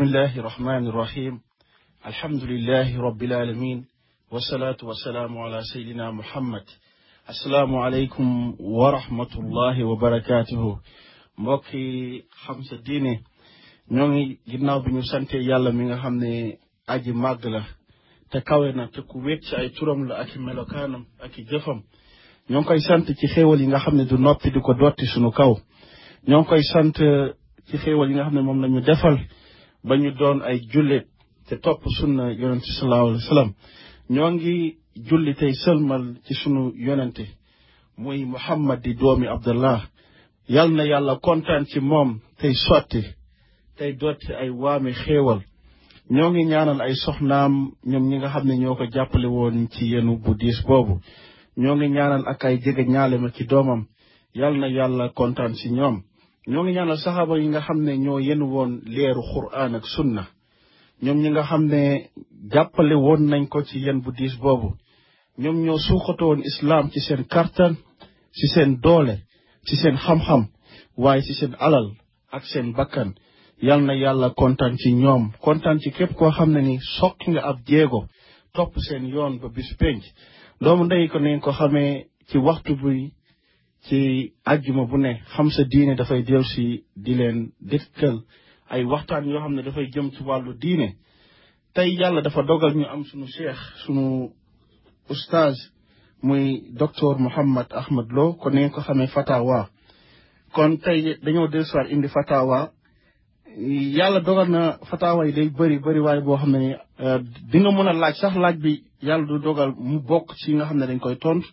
bismillahi rahmaani rahim alhamdulilahi rabbil alamin wasalaatu wasalaamu ala sayidina muhammad asalaamu aleykum wa rahmatullahi wa barakaatuhu mbokki xam sa diine ñoo ngi ginnaaw bi ñu sante yàlla mi nga xam ne aji màgg la te kawe na te ku wéet ci ay turam la ak i melokaanam ak i jëfam ñoo ngi koy sant ci xéewal yi nga xam ne du noppi di ko dotti sunu kaw ñoo koy sant ci xéewal yi nga xam ne moom la ñu defal ba ñu doon ay jullit te topp sunna yonente sallallahu alayhi ñoo ngi julli tey sëlmal ci sunu yonente muy Muhammad di doomi Abdallah yal na yàlla kontaan ci moom tey sotti tey dotti ay waami xéewal ñoo ngi ñaanal ay soxnaam ñoom ñi nga xam ne ñoo ko jàppale woon ci yenu bu diis boobu ñoo ngi ñaanal ak ay jege ñaale ma ci doomam yal na yàlla kontaan ci ñoom ñoo ngi ñaanal saxaaba yi nga xam ne ñoo yenu woon leeru quraan ak sunna ñoom ñi nga xam ne jàppale woon nañ ko ci yen bu diis boobu ñoom ñoo suuxatu woon islaam ci seen kartan ci seen doole ci seen xam-xam waaye ci seen alal ak seen bakkan yal na yàlla kontaan ci ñoom kontaan ci képp koo xam ne ni sokki nga ab jéego topp seen yoon ba bis penc doomu ndey ko nañ ko xamee ci waxtu bi ci àjjuma bu ne xam sa diine dafay dellu si di leen dëkkal ay waxtaan yoo xam ne dafay jëm ci wàllu diine tey yàlla dafa dogal ñu am sunu cheikh sunu oustaz muy docteur Mouhammad Ahmad loo kon ni ko xame fatawa kon tey dañoo dellusiwaat indi fatawa yàlla dogal na fatawa yi day bëri bëri waaye boo xam ne ni euh, di mën a laaj sax laaj bi yàlla du dogal mu bokk ci nga xam ne dañ koy tontu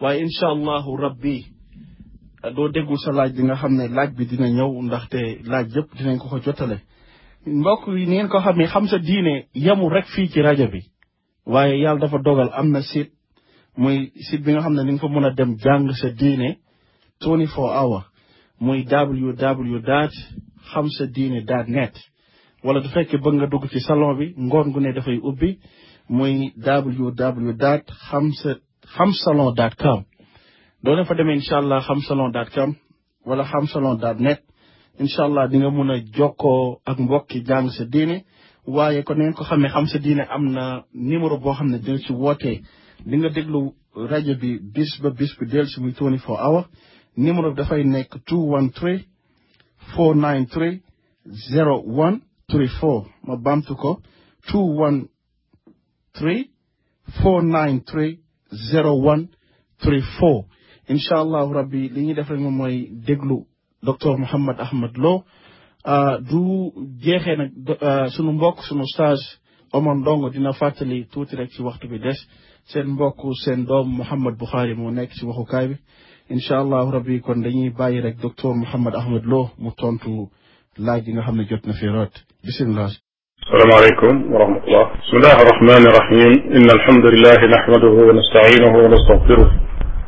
waaye incha allahu rabbi doo déggu sa laaj bi nga xam ne laaj bi dina ñëw ndaxte laaj yëpp dinañ ko ko jotale mbokk yi ni ngeen ko xam ne xam sa diine yemul rek fii ci rajo bi waaye yàlla dafa dogal am na site muy site bi nga xam ne ni nga fa mën a dem jàng sa diine 24 hour muy www daat xam sa diine daat net wala du fekkee bëgg nga dugg ci salon bi ngoon gu ne dafay ubbi muy www daat xam sa xam salon daat com boo leen fa demee incha allah xamsalon dot com wala xamsalon dot net incha allah di nga mun a jokkoo ak mbokki jàng sa diine waaye kon ngeen ko xamee xam sa diine am na numéro boo xam ne dina ci wootee di nga déglu rajo bi bis ba bis bi dellu si muy 24 hours numéro bi dafay nekk 213 493 0134 ma bamtu ko 213 493 0134 incha allahu rabbi li ñuy def rek moom mooy déglu docteur Mouhamed Ahmed Lo ah, du jeexee na ah, sunu mbokk sunu stage Omar Ndongo dina fàttali tuuti rek ci waxtu bi des seen mbokk seen doom Mouhamed Bukhari moo nekk ci waxukaay bi incha allahu rabbi kon dañuy bàyyi rek docteur Mouhamed Ahmed Lo mu tontu laaj yi nga xam ne jot na fi root bisimilah. السلام عليكم ورحمة الله بسم الله الرحمن الرحيم إن الحمد لله نحمده ونستعينه ونستغفره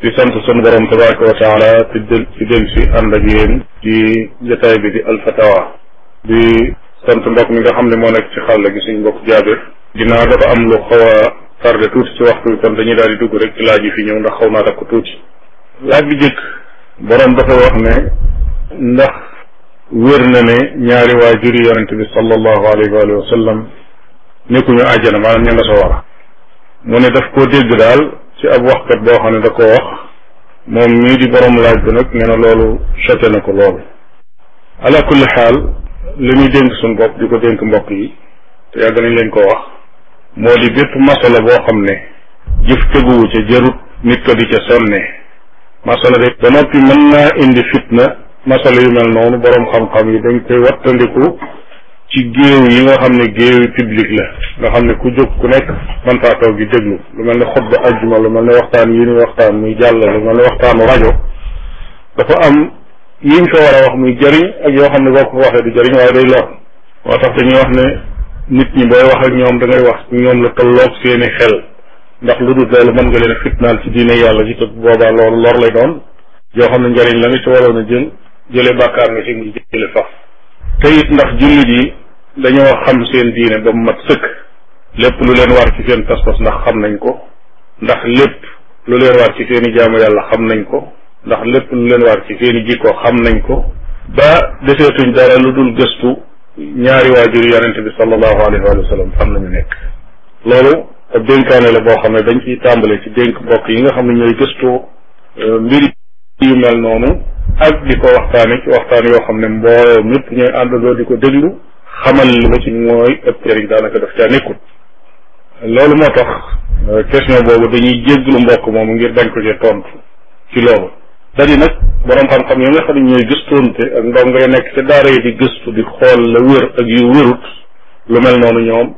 di sant sunu borom tabaraka wa taala ci del ci del si ànd ak yéen ci jotaay bi di alfatawa di sant ndok mi nga xam ne moo nekk ci xàll gi suñ mbokk jaabir dinaa dafa am lu xaw a tardé tuuti ci waxtu bi kon dañuy daal di dugg rek ci laaj yi fi ñëw ndax xaw naa ko tuuti laaj bi jëkk borom dafa wax ne ndax wér na ne ñaari waa juri yonente bi sallallahu alayhi wa sallam nekkuñu àjjana maanaam ña nga sa war a mu ne daf koo dégg daal ci ab waxkat boo xam ne da ko wax moom mii di borom laaj bi nag nee na loolu choqué na ko loolu ala kulli xaal li muy dénk suñ bopp di ko dénk mbokk yi te yàgg nañ leen ko wax moo di bépp masala boo xam ne jëf teguwu ci jarut nit ko di ca sonne masala de ba noppi mën naa indi fitna masala yu mel noonu borom xam-xam yi dañ wattandiku ci géew yi nga xam ne géewi public la nga xam ne ku jóg ku nekk mën faa toog di lu mel ne xutba ajjuma lu mel ne waxtaan yi ñuy waxtaan muy jàll lu mel ne waxtaanu rajo dafa am yi ko war a wax muy jëriñ ak yoo xam ne boo ko waxee du jëriñ waaye day lor moo tax dañuy wax ne nit ñi booy wax ñoom da ngay wax ñoom la tolloog seeni xel ndax lu dul loolu mën nga leen a fitnaal ci diine yàlla ji te boobaa loolu lor lay doon yoo xam ne njariñ la nga ci waroon a jël jële bàkkaar nga ci ngi jële faf te it ndax jullit yi dañoo xam seen diine ba mu mat sëkk lépp lu leen war ci seen pas-pas ndax xam nañ ko ndax lépp lu leen war ci seen i jaamu yàlla xam nañ ko ndax lépp lu leen war ci seen i jikko xam nañ ko ba deseetuñ dara lu dul gëstu ñaari waajur yonente bi sallallahu alayhi wa sallam am la ñu nekk loolu ab dénkaane la boo xam ne dañ ciy tàmbale ci dénk mbokk yi nga xam ne ñooy gëstoo euh, mbir yu mel noonu ak di ko waxtaane ci waxtaan yoo xam ne mbooloo nit ñooy àndandoo di ko déglu xamal li ma ci mooy ëpp yi daanaka daf caa nekkul loolu moo tax euh, question boobu dañuy jégglu mbokk moomu ngir dañ ko tontu ci loolu dadi nag boroom xam-xam yi xam ne ñooy gëstoonte ak ndongo yi nekk ca daara yi di gëstu di xool la wér ak yu wérut lu mel noonu ñoom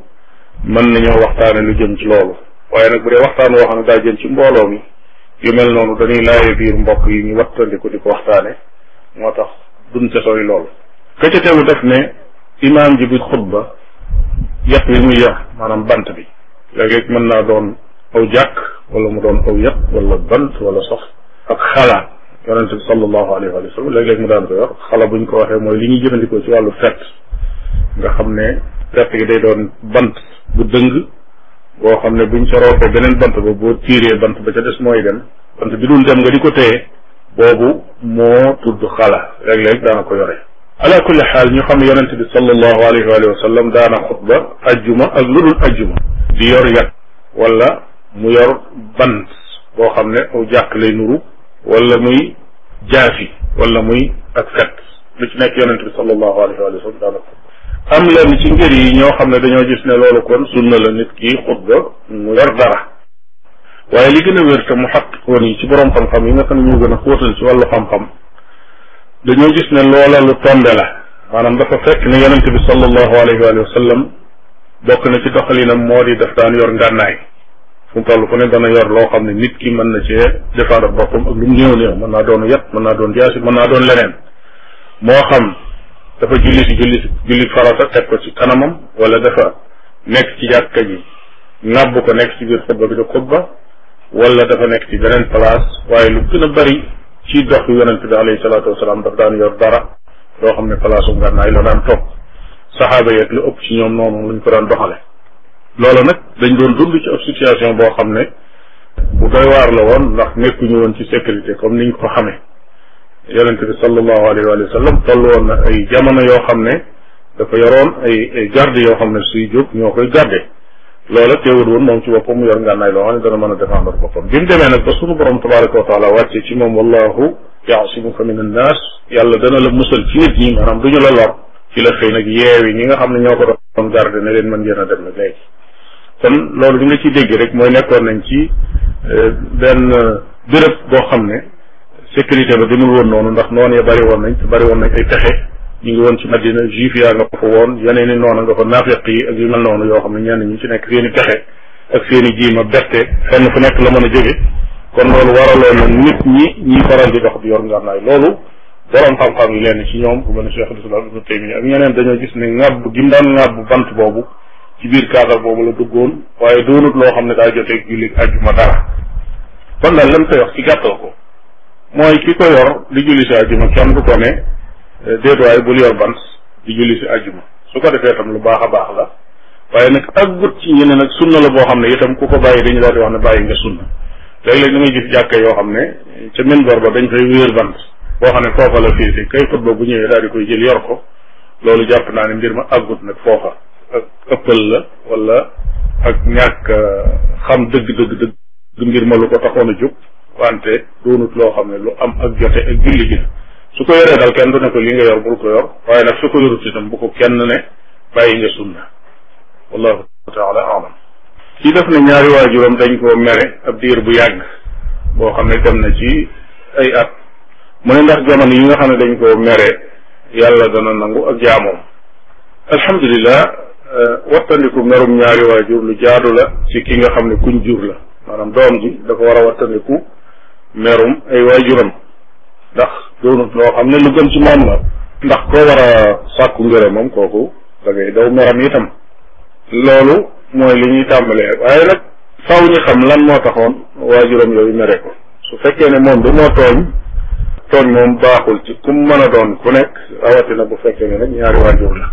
mën nañoo waxtaane lu jëm ci loolu waaye nag bu dee waxtaan woo xam ne daa jëm ci mbooloo mi yu mel noonu dañuy laaye biir mbokk yi ñu wattandiku di ko wax waxtaane moo tax duñ ca sori lool ka ca tegu def ne imaam ji bu xutba yat wi muy yar maanaam bant bi léeg-léeg mën naa doon aw jàkk wala mu doon aw yat wala bant wala sox ak xala yonente bi sallallahu alayhi wa sallam léeg-léeg mu daan ko yor xala buñ ko waxee mooy li ñuy jëfandikoo ci wàllu fett nga xam ne fett gi doon bant bu dëng boo xam ne buñ sa roofee beneen bant ba boo tiiree bant ba ca des mooy dem bant bi dul dem nga di ko téye boobu moo tudd xala léeg-léeg daana ko yore ale kulli xaal ñu xam yonente bi sallallahu alayhi waalihi wa sallam daana xutba ajjuma ak lu dul ajjuma di yor yat wala mu yor bant boo xam ne aw jàkk lay nuru wala muy jaafi wala muy ak fet ci nekk yonente bi sallallahu alayhi waalihi am lenn ci ngir yi ñoo xam ne dañoo gis ne loolu kon sunna la nit ki xutba mu yor dara waaye li gën a wér te mu xaqikoon yi ci borom xam-xam yi nga xam ne ñoo gën a xóotal ci wàllu xam-xam dañoo gis ne loola lu tombe la maanaam dafa fekk ne yonent bi sallallahu alayhi wa sallam bokk na ci doxalinam moo di daf daan yor ngànnaay fu mu toll ku ne dana yor loo xam ne nit ki mën na cee défendre boppam ak lu mu néew néew mën naa doon yet mën naa doon jaasi mën naa doon leneen moo xam dafa julli si julli julli farata teg ko ci kanamam wala dafa nekk ci jàkka ji nàbb ko nekk ci biir xutba bi da xutba wala dafa nekk ci beneen place waaye lu gën a bari ci dox yu yonente bi alayhi salaatu wasalaam daf daan yor dara loo xam ne place u ngànnaay la daan toog saxaaba yeeg lu ëpp ci ñoom noonu lañ ko daan doxale loolu nag dañ doon dund ci ab situation boo xam ne bu doy waar la woon ndax nekkuñu woon ci sécurité comme niñ ko yonente bi sallallahu alayhi wa a toll woon na ay jamono yoo xam ne dafa yoroon ay ay garde yoo xam ne suy jóg ñoo koy garde loola teewul woon moom ci boppam mu yor ngànnaay loo xam ne dana mën a défendre boppam bi mu demee nag ba suñu borom tabaraka wa taala wàcce ci moom wallahu yaasimuka min annaas yàlla dana la musal ci nit ñi maanaam duñu la lor ci la xëy nag yeewi ñi nga xam ne ñoo ko doon garde ne leen mën ngeen a dem nag léegi kon loolu li nga ciy dégg rek mooy nekkoon nañ ci euh, benn béréb boo xam ne sécurité ba demul woon noonu ndax noon ya woon nañ te bari woon nañ ay pexe ñu ngi woon ci madina juif yaa nga fa woon yeneen i noona nga fa naafeq yi ak yu mel noonu yoo xam ne ñeen ñi ci nekk seen i pexe ak seen i jiima berte fenn fu nekk la mën a jóge kon loolu waraloon na nit ñi ñi faral di dox di yor ngànnaay loolu borom xam-xam ci ñoom ku mel ne Cheikh al-Islam ak ñeneen dañoo gis ne ŋàbb gim mu daan ŋàbb bant boobu ci biir kaadar boobu la duggoon waaye doonut loo xam ne daa joteeg julli ajjuma dara kon daal lam koy wax ci gàttal ko mooy ki ko yor di julli si àjjuma kenn ko ne eh, déet waaye bul yor bant di julli si àjjuma su ko defee tam lu baax a baax la waaye nag aggut ci ñeneen nag sunna la boo xam ne itam ku ko bàyyi dañu daal di wax ne bàyyi nga sunna léeg-léeg da gis jàkka yoo xam ne ca minbar ba dañ fay wéer bant boo xam ne foofa la fii si kay xutba bu ñëwee daal di koy jël yor ko loolu jàpp naa ne mbir ma àggut nag foofa ak ëppal la wala ak ñàkk eh, xam dëgg dëgg dëgg mbir ma ko taxoon a jóg wante doonut loo xam ne lu am ak jote ak julli gi su ko yoree dal kenn du ne ko li nga yor bul ko yor waaye nag su ko yorut itam bu ko kenn ne bàyyi nga sunna wallahu def na ñaari dañ koo mere ab diir bu yàgg boo xam ne dem na ci ay at mu ne ndax yi nga xam ne dañ koo mere yàlla dana nangu ak jaamoom alhamdulilah eh, wattandiku merum ñaari waajur lu jaadu la ci ki nga xam ne kuñ jur la maanaam doom ji dafa war a wattandiku merum ay waajuram ndax doonut loo xam ne lu gën ci moom la ndax koo war a sàkku moom kooku da ngay daw meram itam loolu mooy li ñuy tàmbalee waaye nag faw ñu xam lan moo taxoon waajuram yooyu mere ko su fekkee ne moom du moo tooñ tooñ moom baaxul ci kum mën a doon ku nekk rawatina bu fekkee ne nag ñaari waajur la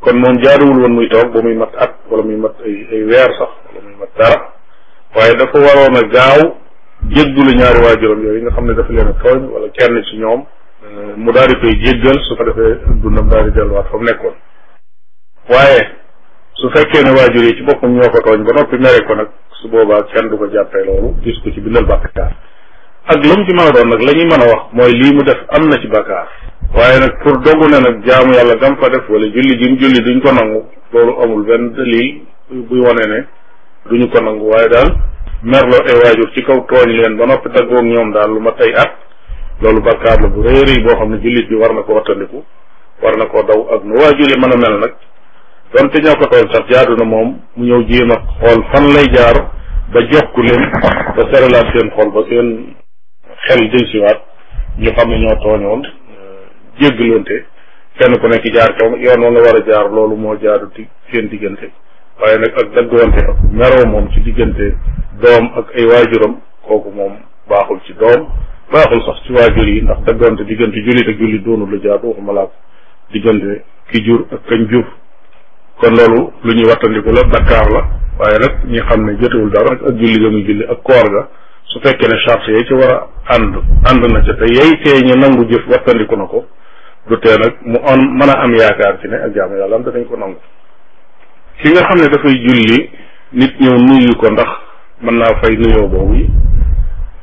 kon moom jaaduwul woon muy toog ba muy mat at wala muy mat ay weer sax wala muy mat dara waaye dafa waroon a gaaw jéggulu ñaari waajuram yooyu nga xam ne dafa leen a tooñ wala kenn ci ñoom mu daal di koy jéggal su ko defee dundam daal di delluwaat fa mu nekkoon waaye su fekkee ne waajur yi ci boppam ñoo ko tooñ ba noppi mere ko nag su boobaa kenn du ko jàppee loolu gis ko ci bindal bàkkaar ak lu mu ci mën a doon nag la ñuy mën a wax mooy lii mu def am na ci bàkkaar waaye nag pour dogu ne nag jaamu yàlla gam fa def wala julli gi mu julli duñ ko nangu loolu amul benn dalil buy wane ne duñu ko nangu waaye daal merloo ay waajur ci kaw tooñ leen ba noppi daggoog ñoom daal lu ma tey at loolu bakkaar la bu rëy rëy boo xam ne jullit bi war na ko wattandiku war na ko daw ak nu waajur yi mën a mel nag donte ñoo ko tooñ sax jaadu na moom mu ñëw jéem a xool fan lay jaar ba jokku leen ba laa seen xol ba seen xel jël siwaat ñu xam ne ñoo tooñoon jéggalante kenn ku nekk jaar kaw yoon wa war a jaar loolu moo jaadu ci seen diggante waaye nag ak daggante ak moom ci diggante doom ak ay waajuram kooku moom baaxul ci doom baaxul sax ci waajur yi ndax daggoonte diggante jullit ak jullit doonul lu jaadu waxuma laa ko diggante ki jur ak kañ jur kon loolu lu ñuy wattandiku la bakkaar la waaye nag ñi xam ne jotewul dara ak julli ga muy julli ak koor ga su fekkee ne charte yi ci war a ànd ànd na ca te yey tee ñu nangu jëf wattandiku na ko du tee nag mu on mën a am yaakaar ci ne ak jaamu yàlla am danañ ko nangu ki nga xam ko ndax mën naa fay nuyoo boobu yi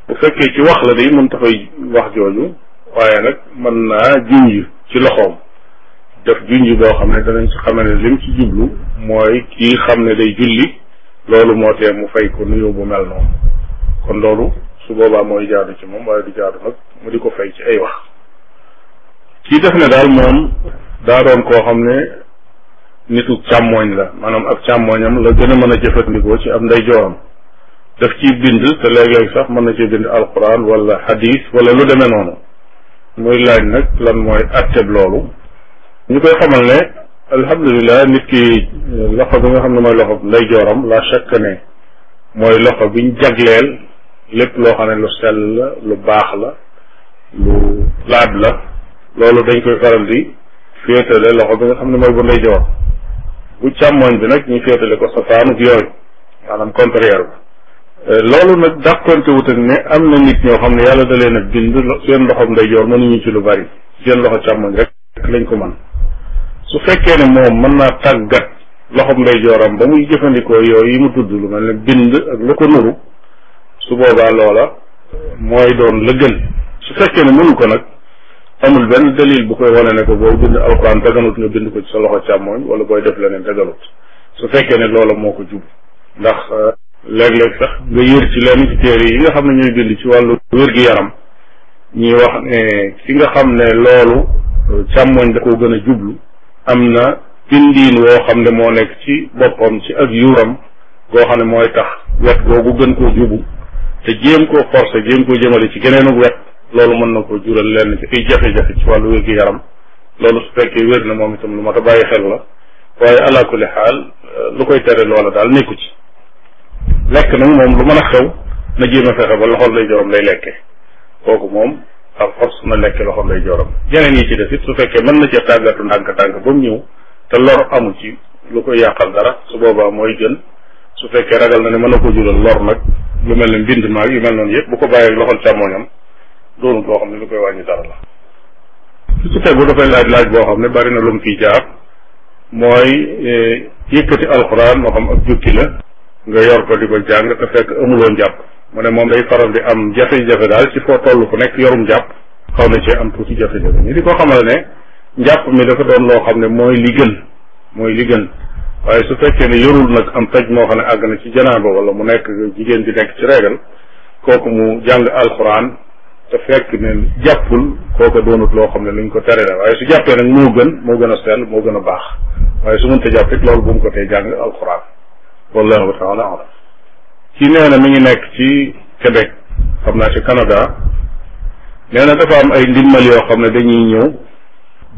bu fekkee ci wax la day mën ta fay wax jooju waaye nag mën naa junj ci loxoom def junj boo xam ne danañ ci xamane lim ci jublu mooy kii xam ne day julli loolu moo tee mu fay ko nuyoo bu mel noonu kon loolu su boobaa mooy jaadu ci moom waaye du jaadu nag mu di ko fay ci ay wax kii def ne daal moom daa doon koo xam ne nitu càmmooñ la maanaam ab càmmooñam la gën a mën a jëfandikoo ci ab jooram daf ciy bind te léeg-léeg sax mën na ci bind alquran wala hadis wala lu demee noonu muy laaj nag lan mooy atteb loolu ñu koy xamal ne alhamdulilah nit ki loxo bi nga xam ne mooy loxo ndeyjooram la chaque ne mooy loxo biñ jagleel lépp loo xam ne lu sell la lu baax la lu laab la loolu dañ koy faral di féetale loxo bi nga xam ne mooy bu ndeyjoor bu càmmoñ bi nag ñu féetale ko safaanub yooyu maanaam contraire ba loolu nag dàqonte wut ak ni am na nit ñoo xam ne yàlla da leen a bind seen loxoom ndeyjoor ñu ci lu bari seen loxo càmmoñ rek lañ ko man su fekkee ne moom mën naa tàggat loxoom jooram ba muy jëfandikoo yooyu yi mu tudd lu mel ne bind ak lu ko nuru su boobaa loola mooy doon la gën su fekkee ne mënu ko nag amul benn dalil bu koy wane ne ko boo bind alxuraan daganut nga bind ko ci sa loxo càmmoñ wala booy def leneen daganut su fekkee ne loola moo ko jub ndax léeg-léeg sax nga yër ci lenn ci téere yi nga xam ne ñooy bind ci wàllu wér-gi-yaram ñuy wax ne ki nga xam ne loolu euh, càmmoñ da koo gën a jublu am na bindiin woo xam ne moo nekk ci boppam ci ak yuuram goo xam ne mooy tax wet googu gën koo jubu te jéem koo forcé jéem koo jëmale ci geneenu wet loolu mën na koo jural lenn ci ay jafe-jafe ci wàllu wér-gi-yaram loolu su fekkee wér na moom itam lu mat a bàyyi xel la waaye ala kulli xaal euh, lu koy tere loola daal nekku ci lekk nag moom lu mën a xew na jéem a fexe ba loxol lay joram lay lekke kooku moom par force na lekk loxol lay joram yeneen yi ci des it su fekkee mën na cee tàggatu ndànk-ndànk ba mu ñëw te lor amu ci lu koy yàqal dara su boobaa mooy jën su fekkee ragal na ne mën na ko jural lor nag lu mel ne mbind maag yu mel noonu yëpp bu ko bàyyee loxol càmmoñam doonut loo xam ne lu koy wàññi dara la su ci tegu dafay laaj laaj boo xam ne bari na lu mu jaar mooy eh, yëkkati alxuraan moo xam ak nga yor ko di ko jàng te fekk amuloon jàpp mu ne moom day faral di am jafe-jafe daal ci foo toll ku nekk yorum jàpp xaw na cee am tuuti jafe-jafe ñi di ko xamal ne njàpp mi dafa doon loo xam ne mooy li gën mooy li waaye su fekkee ne yorul nag am taj moo xam ne àgg na ci janaaba walla mu nekk jigéen di nekk ci reegal kooku mu jàng alxuraan te fekk ne jàppul kooku doonut loo xam ne luñ ko tere la waaye su jàppee nag moo gën moo gën a sell moo gën a baax waaye su mënta jàpp rek loolu bu mu ko tey jàng alxuraan wallahu taala alam kii nee na mi ngi nekk ci Québec xam naa ci Canada nee na dafa am ay ndimmal yoo xam ne dañuy ñëw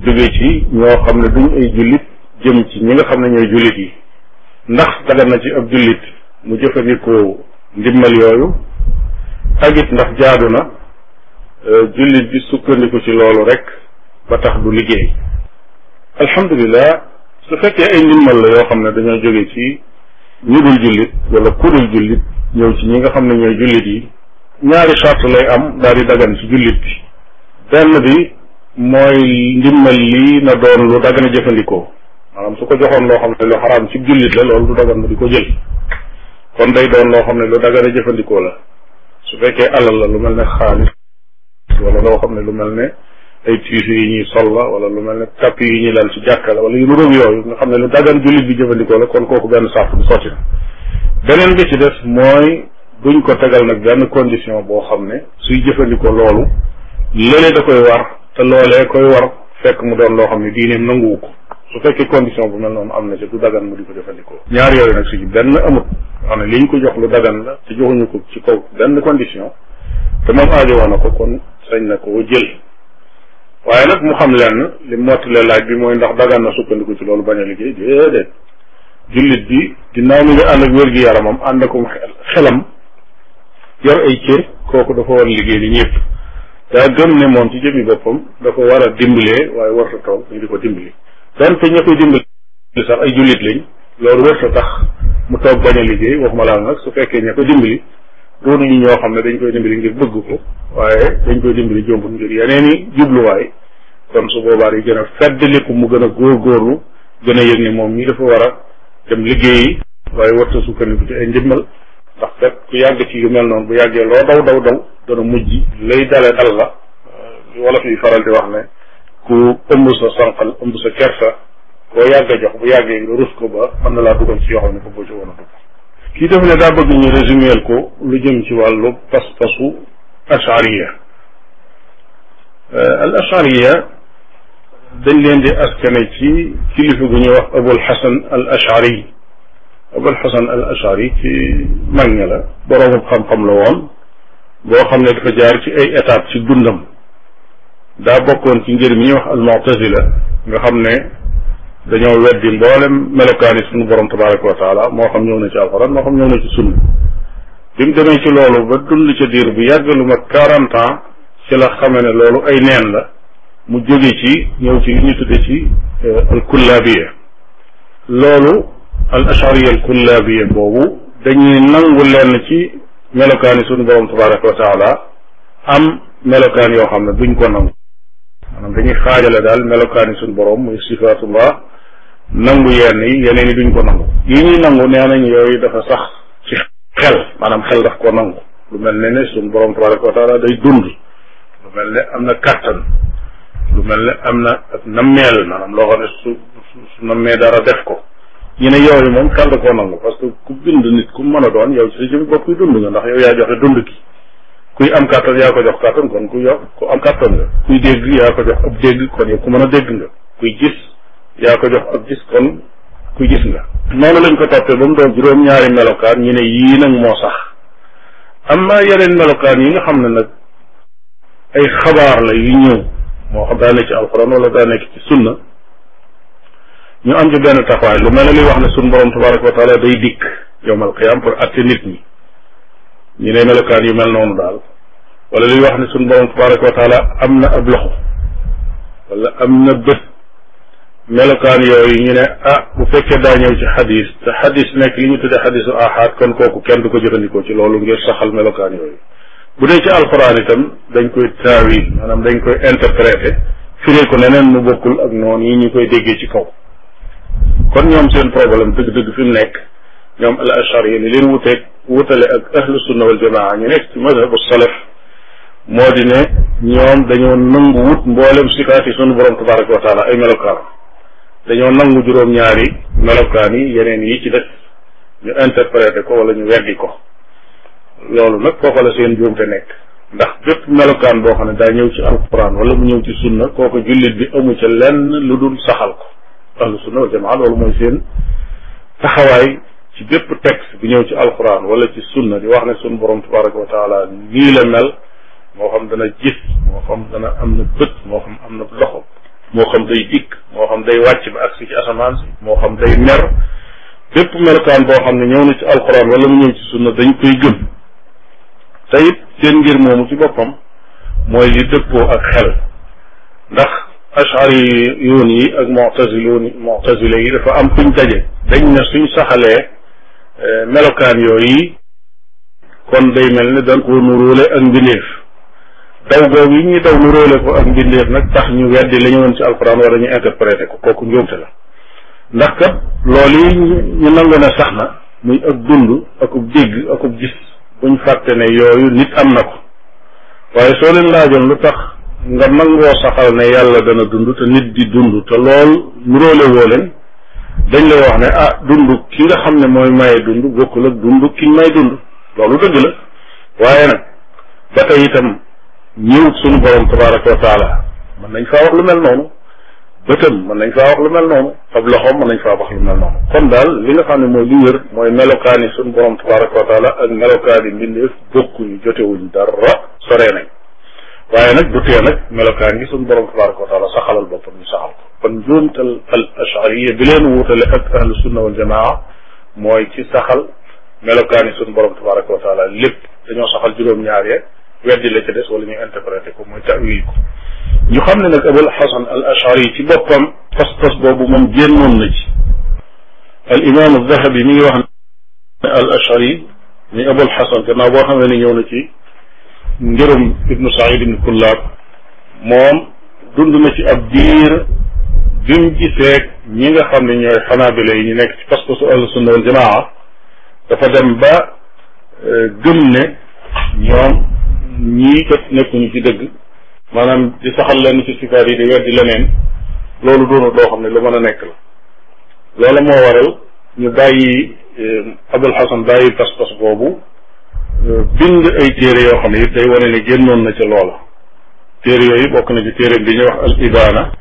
jóge ci ñoo xam ne duñ ay jullit jëm ci ñi nga xam ne ñooy julit yi ndax dagan na ci ab julit mu jëfandikoo ndimmal yooyu ak it ndax jaadu na e, jullit bi sukkandiku ci loolu rek ba tax du liggéey alhamdulilah su fekkee ay ndimmal la yoo xam ne dañoo jóge ci ñu dul jullit wala ku jullit ñëw ci ñi nga xam ne ñooy jullit yi ñaari charte lay am daal di dagan ci jullit bi benn bi mooy ndimmal lii na doon lu dagan a jëfandikoo maanaam su ko joxoon loo xam ne lu xaraam ci jullit la loolu du dagan mu di ko jël kon day doon loo xam ne lu dagan jëfandikoo la su fekkee alal la lu mel ne xaalis wala loo xam ne lu mel ne ay tiisu yi ñuy sol la wala lu mel ne tapis yi ñuy lal ci jàkka la wala yu nuróog yooyu nga xam ne lu dagan jullit bi jëfandikoo la kon kooku benn sart bu sotti na beneen bi ci des mooy buñ ko tegal nag benn condition boo xam ne suy jëfandikoo loolu lële da war te loolee koy war fekk mu doon loo xam ne diineem nanguwu ko su fekkee condition bu mel noonu am na ci du dagan mu di ko jëfandikoo ñaar yooyu nag suñu benn amut xam ne liñ ko jox lu dagan la te joxuñu ko ci kaw benn condition te moom aajo na ko kon sañ na koo jël waaye nag mu xam lenn li mottale laaj bi mooy ndax dagan na sukkandiku ci loolu bañ a liggéey déedéet jullit bi ginnaaw mi ngi ànd ak wér gi yaramam ànd akum xelam yor ay cër kooku dafa war liggéey li ñëpp daa gëm ne moom ci jëmmi boppam dafa war a dimbalee waaye warta toog ñu di ko dimbali donte ña koy dimbali sax ay jullit lañ loolu warta tax mu toog bañ liggéey waxuma laa nag su fekkee ña ko dimbali doonuñu ñoo xam ne dañ koy dimbali ngir bëgg ko waaye dañ koy dimbali jomb ngir yeneen i jubluwaay kon su boobaa yi gën a feddaliku mu gën a góorgóorlu gën a yëg ne moom ñi dafa war a dem liggéeyi waaye warta sukkandiku ci ay njëmmal ndax kat ku yàgg ci yu mel noonu bu yàggee loo daw daw daw dana mujj lay dale dal la li wolof yi faral di wax ne ku ëmb sa sànqal ëmb sa koo yàgg jox bu yàggee nga rus ko ba mën na laa dugal ci yoo xam a dugg kii def ne daa bëgg ñu résuméel ko lu jëm ci wàllu pas-pasu ashariya euh, al ashariya dañ leen di askane ci kilifa gu ñuy wax abul xasan al ashari abul xasan al ashari ci mag ña la boroomub xam-xam la woon boo xam ne dafa jaar ci ay étape ci dundam daa bokkoon ci ngir mi ñuy wax al mutazila nga xam ne dañoo weddi mboolem melokaani suñu borom tabaraka wa taala moo xam ñëw na ci alxuraan moo xam ñëw na ci sunna bi mu demee ci loolu ba dund ca diir bu yàgg ci la xamee ne loolu ay neen la mu jóge ci ñëw ci li ñu tudde ci eh, al kullaabiya loolu al ashariya al kullaabiya boobu dañuy nangu lenn ci melokaani suñu borom tabaraka wa taala am melokaan yoo xam ne duñ ko nangu maanaam dañuy xaajale daal melokaani suñu borom muy sifaatullah nangu yenn yi yeneen yi duñ ko nangu yi ñuy nangu nee nañ yooyu dafa sax ci xel maanaam xel daf ko nangu lu mel ne ne suñ borom tabaraka ko taala day dund lu mel ne am na kàttan lu mel ne am na ak nammeel maanaam loo xam ne su su nammee dara def ko ñu ne yi moom xel da koo nangu parce ku bind nit ku mën a doon yow si jëm bopp kuy dund nga ndax yow yaa joxe dund ki kuy am kàttan yaa ko jox kàttan kon ku yo ku am kàttan nga kuy dégg yaa ko jox ab dégg kon ku mën a dégg nga yaa ko jox ak gis kon ku gis nga noonu lañ ko toppee ba mu doon juróom-ñaari melokaan ñu ne yii nag moo sax am na yeneen melokaan yi nga xam ne nag ay xabaar la yu ñëw moo xam daa nekk ci alxuraan wala daa nekk ci sunna ñu am ci benn taxawaay lu mel ne li wax ne suñ borom tabaraka wa taala day dikk yowmal qiyaam pour atte nit ñi ñu ne melokaan yu mel noonu daal wala liy wax ne suñ borom tabaraka wa taala am na ab loxo am na bët melokaan yooyu ñu ne ah bu fekkee daa ci xadis te xadis nekk li ñu tuddee xadisu ahad kon kooku kenn du ko jëfandikoo ci loolu ngir saxal melokaan yooyu bu dee ci alxuraan itam dañ koy taawil maanaam dañ koy interpréter firee ko neneen mu bokkul ak noonu yi ñu koy déggee ci kaw kon ñoom seen problème dëgg-dëgg fi mu nekk ñoom al ashar yi li leen wuteeg wutale ak ahlu sunna wal jamaa ñu nekk ci mazhabu salaf moo di ne ñoom dañoo nangu wut mboolem sikaati sunu borom tabaraka wa taala ay melokaanam dañoo nangu juróom-ñaari melokaan yi yeneen yi ci dëkk ñu interpréter ko wala ñu weddi ko loolu nag kooku la seen juumte nekk ndax bépp melokaan boo xam ne daa ñëw ci alquran wala mu ñëw ci sunna kooku jullit bi amu ca lenn lu dul saxal ko ahlu sunna wal jamaa loolu taxawaay ci bépp texte bi ñëw ci alquran wala ci sunna di wax ne sun borom tabaraka wa taala nii la mel moo xam dana gis moo xam dana am na bët moo xam am na loxo moo xam day dikk moo xam day wàcc ba agsi ci asamaan moo xam day mer bépp melokaan boo xam ne ñëw na al alxuraan wala mu ñëw ci sunna dañ koy gëm te it seen ngir moomu ci boppam mooy li dëppoo ak xel ndax ashari yoon yi ak mu'taziloon mu'tazile yi dafa am fuñ daje dañ ne suñ saxalee eh, melokaan yi kon day mel ne dañ koo nuróole ak mbindeef daw googu yi ñuy daw nu róole ko ak mbindeef nag tax ñu weddi lañu ñu woon ci alxuraan wala ñu interprété ko kooku njuumte la ndax kat loolu yi ñu nangu ne sax na muy ak dund akub dégg akub gis buñ fàtte ne yooyu nit am na ko waaye soo leen laajoon lu tax nga nangoo saxal ne yàlla dana dund te nit di dund te lool nu woo leen dañ lay wax ne ah dund ki nga xam ne mooy maye dund bokkul ak dund ki may dund loolu dëgg la waaye nag ba tey itam ñëw suñu borom tabaraka wa taala mën nañ faa wax lu mel noonu bëtam mën nañ faa wax lu mel noonu ab loxoom mën nañ faa wax lu mel noonu kon daal li nga xam ne mooy li wér mooy melokaani suñu borom tabaraka wa taala ak melokaani mbindeef bokkuñu jotewuñ dara soree nañ waaye nag du tee nag melokaan gi suñu borom tabaraka wa taala saxalal boppam ñu saxal ko kon njuumtal al ashariya bi leen wuutale ak ahlu sunna wal jamaa mooy ci saxal melokaani suñu borom tabaraka wa taala lépp dañoo saxal juróom-ñaar yeeg weddi la ca des wala ñu interprété ko mooy tawil ko ñu xam ne nag abul xasan al ashari ci boppam pas-pas boobu moom génnoon na ci al imam zahabi mi ngi wax ne al ashari ni abul xasan gannaaw boo xamee ne ñëw na ci ngërëm ibnu said ibnu kullaab moom dund na ci ab diir bi mu gisee ñi nga xam ne ñooy xanaabila yi ñu nekk ci pas-pasu ahlu sunna wal jamaa dafa dem ba eh, ñii kat nekkuñu ci dëgg maanaam di saxal lenn ci sifaat yi di weddi leneen loolu doonul loo xam ne lu mën a nekk la loola moo waral ñu bàyyi eh, Abul Hasan bàyyi pas-pas boobu eh, bind ay téere yoo xam ne it day wane ne génnoon na ci loola téere yooyu bokk na ci téere bi ñuy wax al ibaana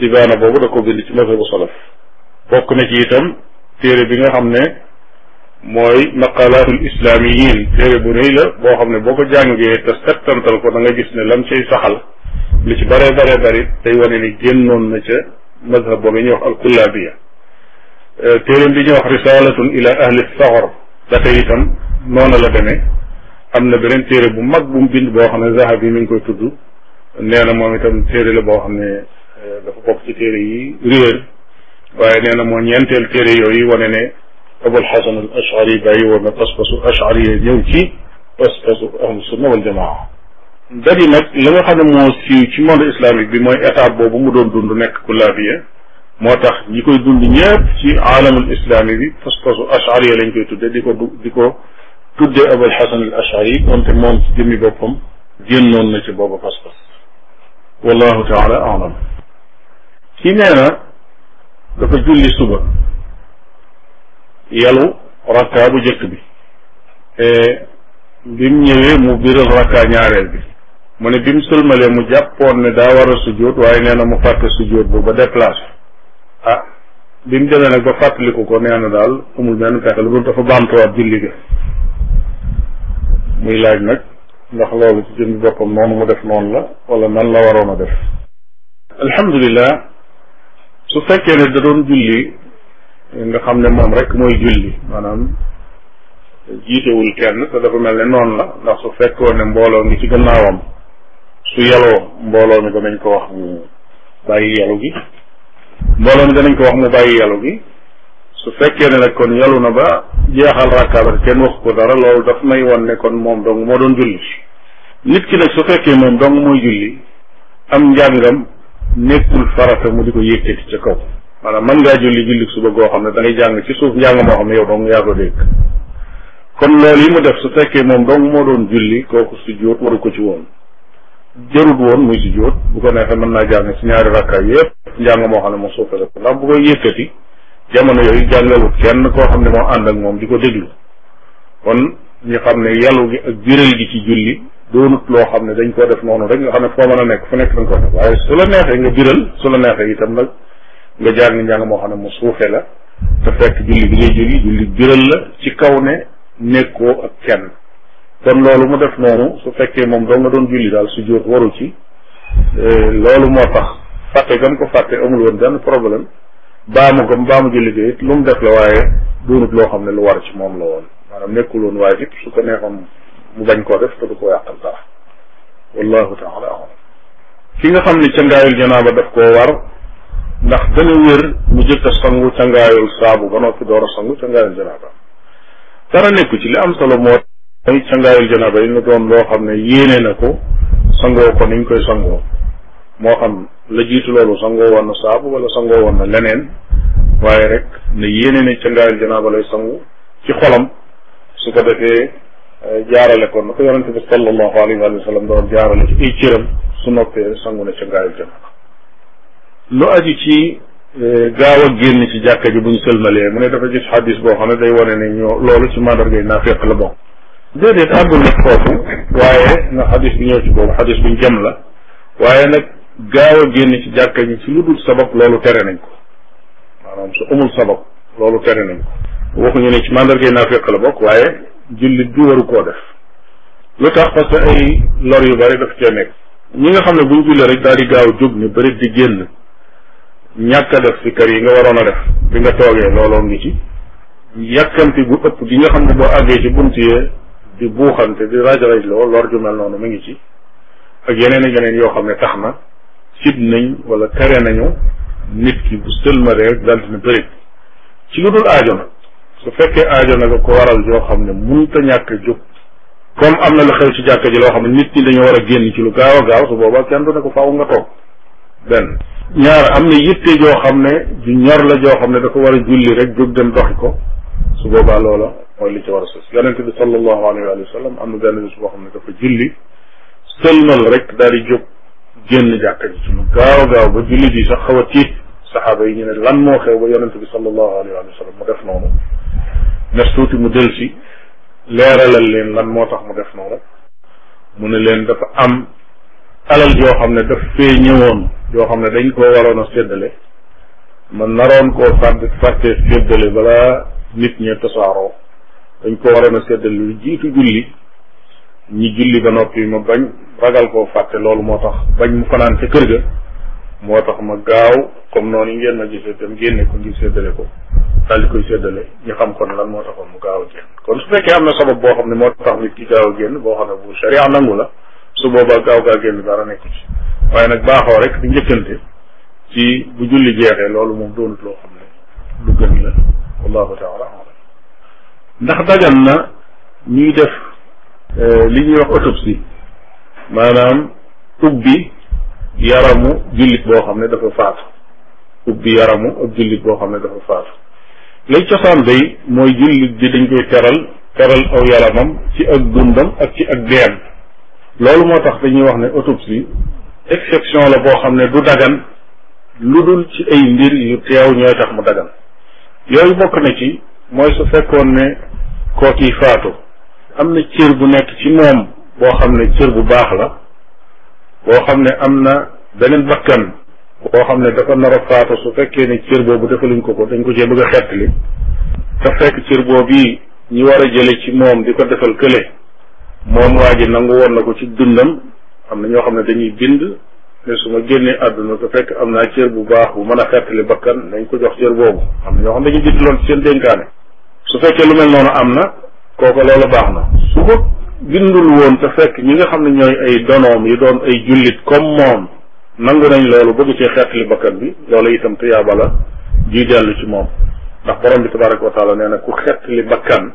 ibaana boobu da ko bind ci mazhabu salaf bokk na ci itam téere bi nga xam ne mooy maqalaatul islaamiyin téere bu rëy la boo xam ne boo ko jàngee te settantal ko da nga gis ne lam cay saxal li ci bare bare bari day wane ni génnoon na ca mazhab boobu ñuy wax alkullaabiya téereem bi ñuy wax risaalatun ila ahli saxor ba tey itam noona la demee am na beneen téere bu mag bu mu bind boo xam ne zahab yi mi ngi koy tudd nee na moom itam téere la boo xam ne dafa bokk ci téere yi réer waaye nee na moo ñeenteel téere yooyu wane ne Abul Xasan al Ashari bàyyi woon na pas-pasu Ashari yi ñëw ci pas-pasu ahlu sunna wal jamaa dadi nag li nga xam ne moo siiw ci monde islamique bi mooy étape boobu mu doon dund nekk ku laabiya moo tax ñi koy dund ñëpp ci aalamul islami bi pas-pasu Ashari yi lañ koy tudde di ko du di ko tuddee Abul Xasan al Ashari konte moom ci jëmmi boppam génnoon na ci booba pas-pas wallahu taala alam kii nee na dafa julli suba yalu rakka bu jëkk bi bi mu ñëwee mu biral rakka ñaareel bi mu ne bi mu sëlmalee mu jàppoon ne daa war a sujjóot waaye nee na mu fàtte sujjóot bu ba déplacé ah bi mu demee nag ba fàttaliku ko nee na daal amul benn pexe lu dul dafa baamtuwaat julli ga muy laaj nag ndax loolu ci jëmmi boppam noonu mu def noonu la wala nan la waroon a def alhamdulilah su fekkee ne da doon julli nga xam ne moom rek mooy julli maanaam jiitewul kenn te dafa mel ne noonu la ndax su fekkoon ne mbooloo ngi ci gannaawam su yeloo mbooloo mi danañ ko wax mu bàyyi yelu gi mbooloo mi danañ ko wax mu bàyyi yelu gi su fekkee ne nag kon yelu na ba jeexal rakkaaba kenn wax ko dara loolu daf may won ne kon moom dong moo doon julli nit ki nag su fekkee moom dong mooy julli am njàngam nekkul farata mu di ko yëkkati ca kaw man mën ngaa julli julli suba goo xam ne da jàng ci suuf njàng moo xam ne yow dong yaa ko dégg kon loolu yi mu def su fekkee moom dong moo doon julli kooku sujjóot waru ko ci woon jërut woon muy sujjóot bu ko neexee mën naa jàng ci ñaari rakkaay yépp njàng moo xam ne moo suufe la ndax bu koy yëkkati jamono yooyu jàngalut kenn koo xam ne moo ànd ak moom di ko déglu kon ñu xam ne yàllu gi ak biral gi ci julli doonut loo xam ne dañ ko def noonu rek nga xam ne foo mën a nekk fu nekk dañ ko def waaye su la nga jaar ni moo xam ne mu suufe la te fekk julli bi ngay julli julli biral la ci kaw ne nekkoo ak kenn kon loolu mu def noonu su fekkee moom doo nga doon julli daal su jóot waru ci euh, loolu moo tax fàtte gam ko fàtte amul woon benn problème baa baamu gam mu julli ga it lu mu def la waaye doonut loo xam ne lu war ci moom la woon maanaam nekkul woon waajib su ko neexoon mu bañ koo def te du ko yàqal dara wallahu taala alam ki nga xam ne ca ngaayul ndax gën a wér mu jëkk a sangu cangaayul saabu ba noppi door a sangu cangaayul janaaba dara nekku ci am solo moo mooy cangaayul janaaba yi na doon loo xam ne yéene na ko sangoo ko niñ koy sangoo moo xam la jiitu loolu sangoo woon na saabu wala sangoo woon na leneen waaye rek ne yeneen ne cangaayul janaaba lay sangu ci xolam su ko defee eh, jaarale ko na ko yonente bi sallallahu alayhi wa sallam doon jaarale ci ay su noppee sangu na cangaayul janaaba lu aju ci eh, gaaw a génn ci jàkka ji buñ sëlmalee mu ne dafa gis xadis boo xam ne day wane ne ñoo loolu ci mandargay naafeq la bokk déedéet àggul nag foofu waaye na xadis bi ñëw ci boobu xadis buñ jëm la waaye nag gaaw a génn ci jàkka ji ci lu dul loolu tere nañ ko maanaam su amul sabab loolu tere nañ ko waxuñu ne ci mandargay naafeq la bokk waaye jullit bi waru koo lu tax parce que ay lor yu bari daf cee nekk ñi nga xam ne buñ jullee rek daal di gaaw jóg ne bëri di génn ñàkk a def si kër yi nga waroon a def bi nga toogee looloo ngi ci yàkkamti bu ëpp bi nga xam ne boo àggee ci bunt yee di buuxante di raj-raj loo lor ju mel noonu mu ngi ci ak yeneen ak yeneen yoo xam ne tax na sib nañ wala tere nañu nit ki bu sëlmare rek daal dina bëri ci lu dul aajo nag su fekkee aajo nag ko waral yoo xam ne te ñàkk a jóg comme am na la xew ci jàkka ji loo xam ne nit ñi dañu war a génn ci lu gaaw a gaaw su boobaa kenn du ne ko faaw nga toog benn ñaar am na yitte joo xam ne ju ñor la joo xam ne da ko war a julli rek jóg dem doxi ko su boobaa loola mooy li ci war a sos yonente bi sallallahu alayhi wa sallam am na benn bis boo xam ne dafa julli sëlmal rek daal di jóg génn jàkka ji sunu gaaw gaaw ba julli di sax xaw a tiit saxaaba yi ñu ne lan moo xew ba yonente bi sallallahu alayhi wa sallam mu def noonu nes tuuti mu delsi leeralal leen lan moo tax mu def noonu mu ne leen dafa am alal yoo xam ne daf fee ñëwoon joo xam ne dañ koo waroon a séddale man naroon koo fàtte fàtte séddale balaa nit ñi tasaaroo dañ ko waroon a séddale lu jiitu julli ñi julli ba noppi ma bañ ragal koo fàtte loolu moo tax bañ mu fanaan ca kër ga moo tax ma gaaw comme noonu yi ngeen ma gisee tam génne ko ngir séddale ko daal di koy séddale ñu xam kon lan moo taxoon mu gaaw a génn kon su fekkee am na sabab boo xam ne moo tax nit ki gaaw a génn boo xam ne bu sharia nangu la su boobaa gaaw gaa génn dara nekk ci waaye nag baaxoo rek di njëkkante ci bu julli jeexee loolu moom doonut loo xam ne lu gën la wallahu taala alam ndax dagan na ñuy def euh, li ñuy wax autopsie maanaam ubbi yaramu jullit boo xam ne dafa faatu ubbi yaramu ak jullit boo xam ne dafa faatu lay cosaan day mooy jullit bi dañ koy teral teral aw yaramam ci ak dundam ak ci ak deem loolu moo tax dañuy wax ne autopsie exception la boo xam ne du dagan lu dul ci ay mbir yu teew ñooy tax mu dagan yooyu bokk na ci mooy su fekkoon ne kookiy faatu am na cër bu nekk ci moom boo xam ne cër bu baax la boo xam ne am na beneen bakkan boo xam ne dafa nar a faatu su fekkee ne cër boobu defaluñ ko ko dañ ko cee bëgg a xettali te fekk cër boobu yi ñi war a jële ci moom di ko defal kële moom waa ji nangu woon na ko ci dundam am na ñoo xam ne dañuy bind ne su ma génnee àdduna te fekk am naa cër bu baax bu mën a xettali bakkan dañ ko jox cër boobu am na ñoo xam ne dañuy bind loolu ci seen dénkaane su fekkee lu mel noonu am na kooku loolu baax na su ko bindul woon te fekk ñi nga xam ne ñooy ay donoom yi doon ay jullit comme moom nangu nañ loolu bëgg cee xettali bakkan bi loolu itam tuyaaba la juy dellu ci moom ndax borom bi tabaraka wa taala nee na ku xettali bakkan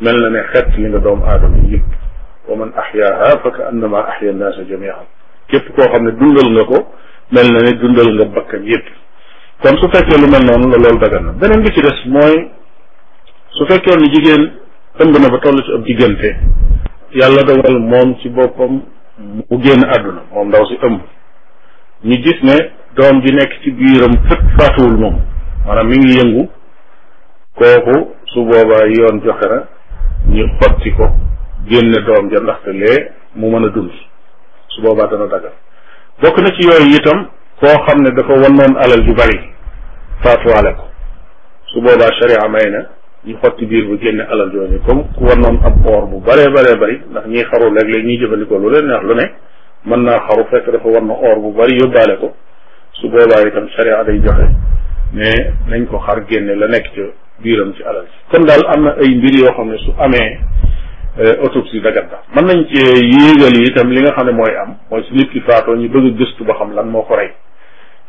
mel na ne xettali nga doomu aadama yi wa man axyaaha fa ka annama axya nnaasa jamian képp koo xam ne dundal nga ko mel na ne dundal nga bakkan yépp kon su fekkee lu mel noonu la loolu dagan na beneen bi ci des mooy su fekkee ni jigéen ëmb na ba toll ci ab diggante yàlla dogal moom si boppam mu génn àdduna moom ndaw si ëmb ñu gis ne doom ji nekk ci biiram fët faatuwul moom maanaam mi ngi yëngu kooku su boobaa yoon joxe na ñu xotti ko génne doom ja ndaxte lee mu mën a dund su boobaa dana dagal bokk na ci yooyu itam koo xam ne dafa wannoon alal ju bari faatuwaale ko su boobaa sharia may na ñu xotti biir bu génne alal jooju comme ku wannoon ab or bu baree baree bari ndax ñuy xaru léeg-léeg ñiy jëfandikoo lu leen neex lu ne mën naa xaru fekk dafa war na or bu bari yóbbaale ko su boobaa itam sharia day joxe mais nañ ko xar génne la nekk ca biiram ci alal si kon daal am na ay mbir yoo xam ne su amee Euh, autopsie dagat na mën nañ cee yéegal yi tam li nga xam ne mooy am mooy su nit ki faatoo ñu bëgg a gëstu ba xam lan moo ko rey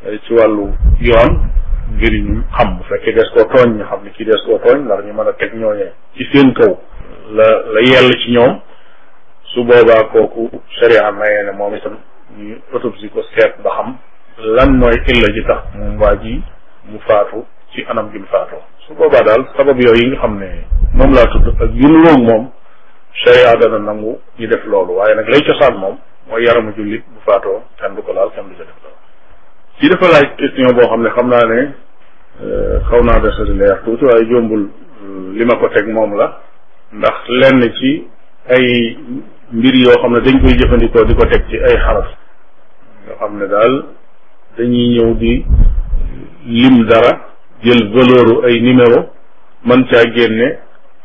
euh, ci wàllu yoon ngir ñu xam bu fekkee des koo tooñ ñu xam ne kii des koo tooñ lar ñu man a teg ñooñee ci seen kaw la la yell ci ñoom su boobaa kooku sharia mayee ne moom itam ñu autopsie ko seet ba xam lan mooy la ji tax moom waa ji mu faatu ci anam gi mu faatoo su boobaa daal sabab yooyu yi nga xam ne moom laa tudd ak yu nuroog moom sharia dana nangu ñu def loolu waaye nag lay cosaan moom mooy yaramu jullit bu faatoo kenn du ko laal kenn ko def loolu ci dafa laaj boo xam ne xam naa ne euh, xaw naa desa di leer tuuti waaye jombul euh, li ko teg moom la ndax lenn ci ay mbir yoo xam ne dañ koy jëfandikoo di ko teg ci ay xaraf yoo xam ne daal dañuy ñëw di lim dara jël valeur ay numéro man caa génne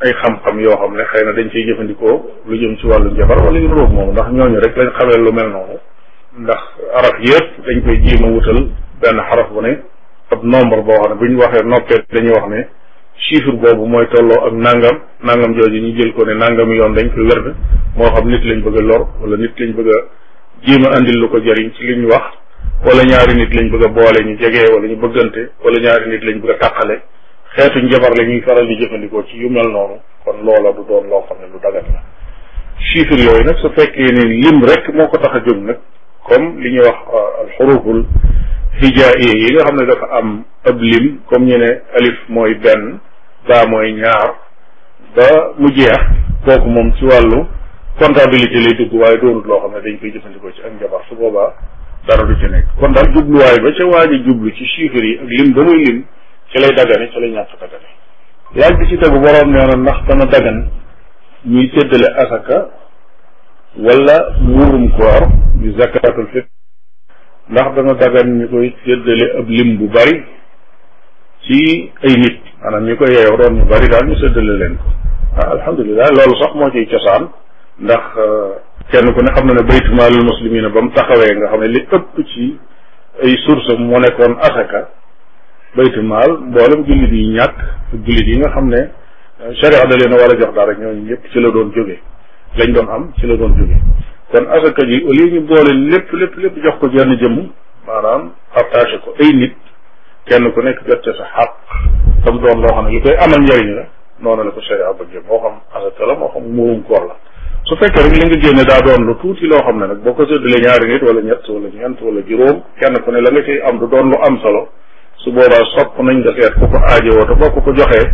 ay xam-xam yoo xam ne xëy na dañ ciy jëfandikoo lu jëm ci wàllu jabar wala yu roog moomu ndax ñooñu rek lañ xamee lu mel noonu ndax araf yëpp dañ koy jéem a wutal benn xaraf bu ne ab nombre boo xam ne bu ñu waxee noppee dañuy wax ne chiffre boobu mooy tolloo ak nangam nangam jooju ñu jël ko ne nangam yoon dañ ko wér moo xam nit lañ bëgg a lor wala nit lañ bëgg a jéem a andil lu ko jariñ ci li ñu wax wala ñaari nit lañ bëgg a boole ñu jege wala ñu bëggante wala ñaari nit lañ bëgg a tàqale xeetu njabar la ñuy faral di jëfandikoo ci yu mel noonu kon loola du doon loo xam ne lu dagat la chiffre yooyu nag su fekkee ne lim rek moo ko tax a jóg nag comme li ñuy wax euh, alxuruful hijaiya yi nga xam ne dafa am ab lim comme ñu ne alif mooy benn baa mooy ñaar ba mu jeex kooku moom ci wàllu comptabilité lay dugg waaye doonut loo xam ne dañ koy jëfandikoo ci ak njabar su boobaa dara du ci nekk kon daal jubluwaay ba ca waaj jublu ci chiffre yi ak lim ba ci lay dagane ci lay ñàkk dagane laaj bi ci tegu boroom nee na ndax dana dagan ñuy séddale asaka wala muurum koor ñu zakatul fit ndax dana dagan ñu koy séddale ab lim bu bari ci ay nit maanaam ñi ko yeew doon ñu bari daal ñu séddale leen ko ah alhamdulilah loolu sax moo ciy cosaan ndax uh, kenn ko ne xam na ne baytu maalul muslimina ba mu taxawee nga xam ne li ëpp ci ay source am moo nekkoon asaka baytul maal mboolem jullit yi ñàkk jullit yi nga xam ne euh, sharia da leen a war a jox dara ñooñu ñëpp ci la doon jóge lañ doon am ci la doon jóge kon asaka ji au ñu boole lépp lépp lépp jox ko jenn jëmm maanaam partagé ko ay nit kenn ku nekk jot ca sa xaq tam doon loo xam ne li koy amal njëriñ la noonu la ko sharia bëgg moo xam asaka la moo xam muurum koor la su fekkee rek li nga génne daa doon lu tuuti loo xam ne nag boo ko séddalee ñaari nit wala ñett wala ñeent wala juróom kenn ku ne la nga am du doon lu am solo su boobaa sopp nañ nga seet ku ko aajowoo te boo ko ko joxee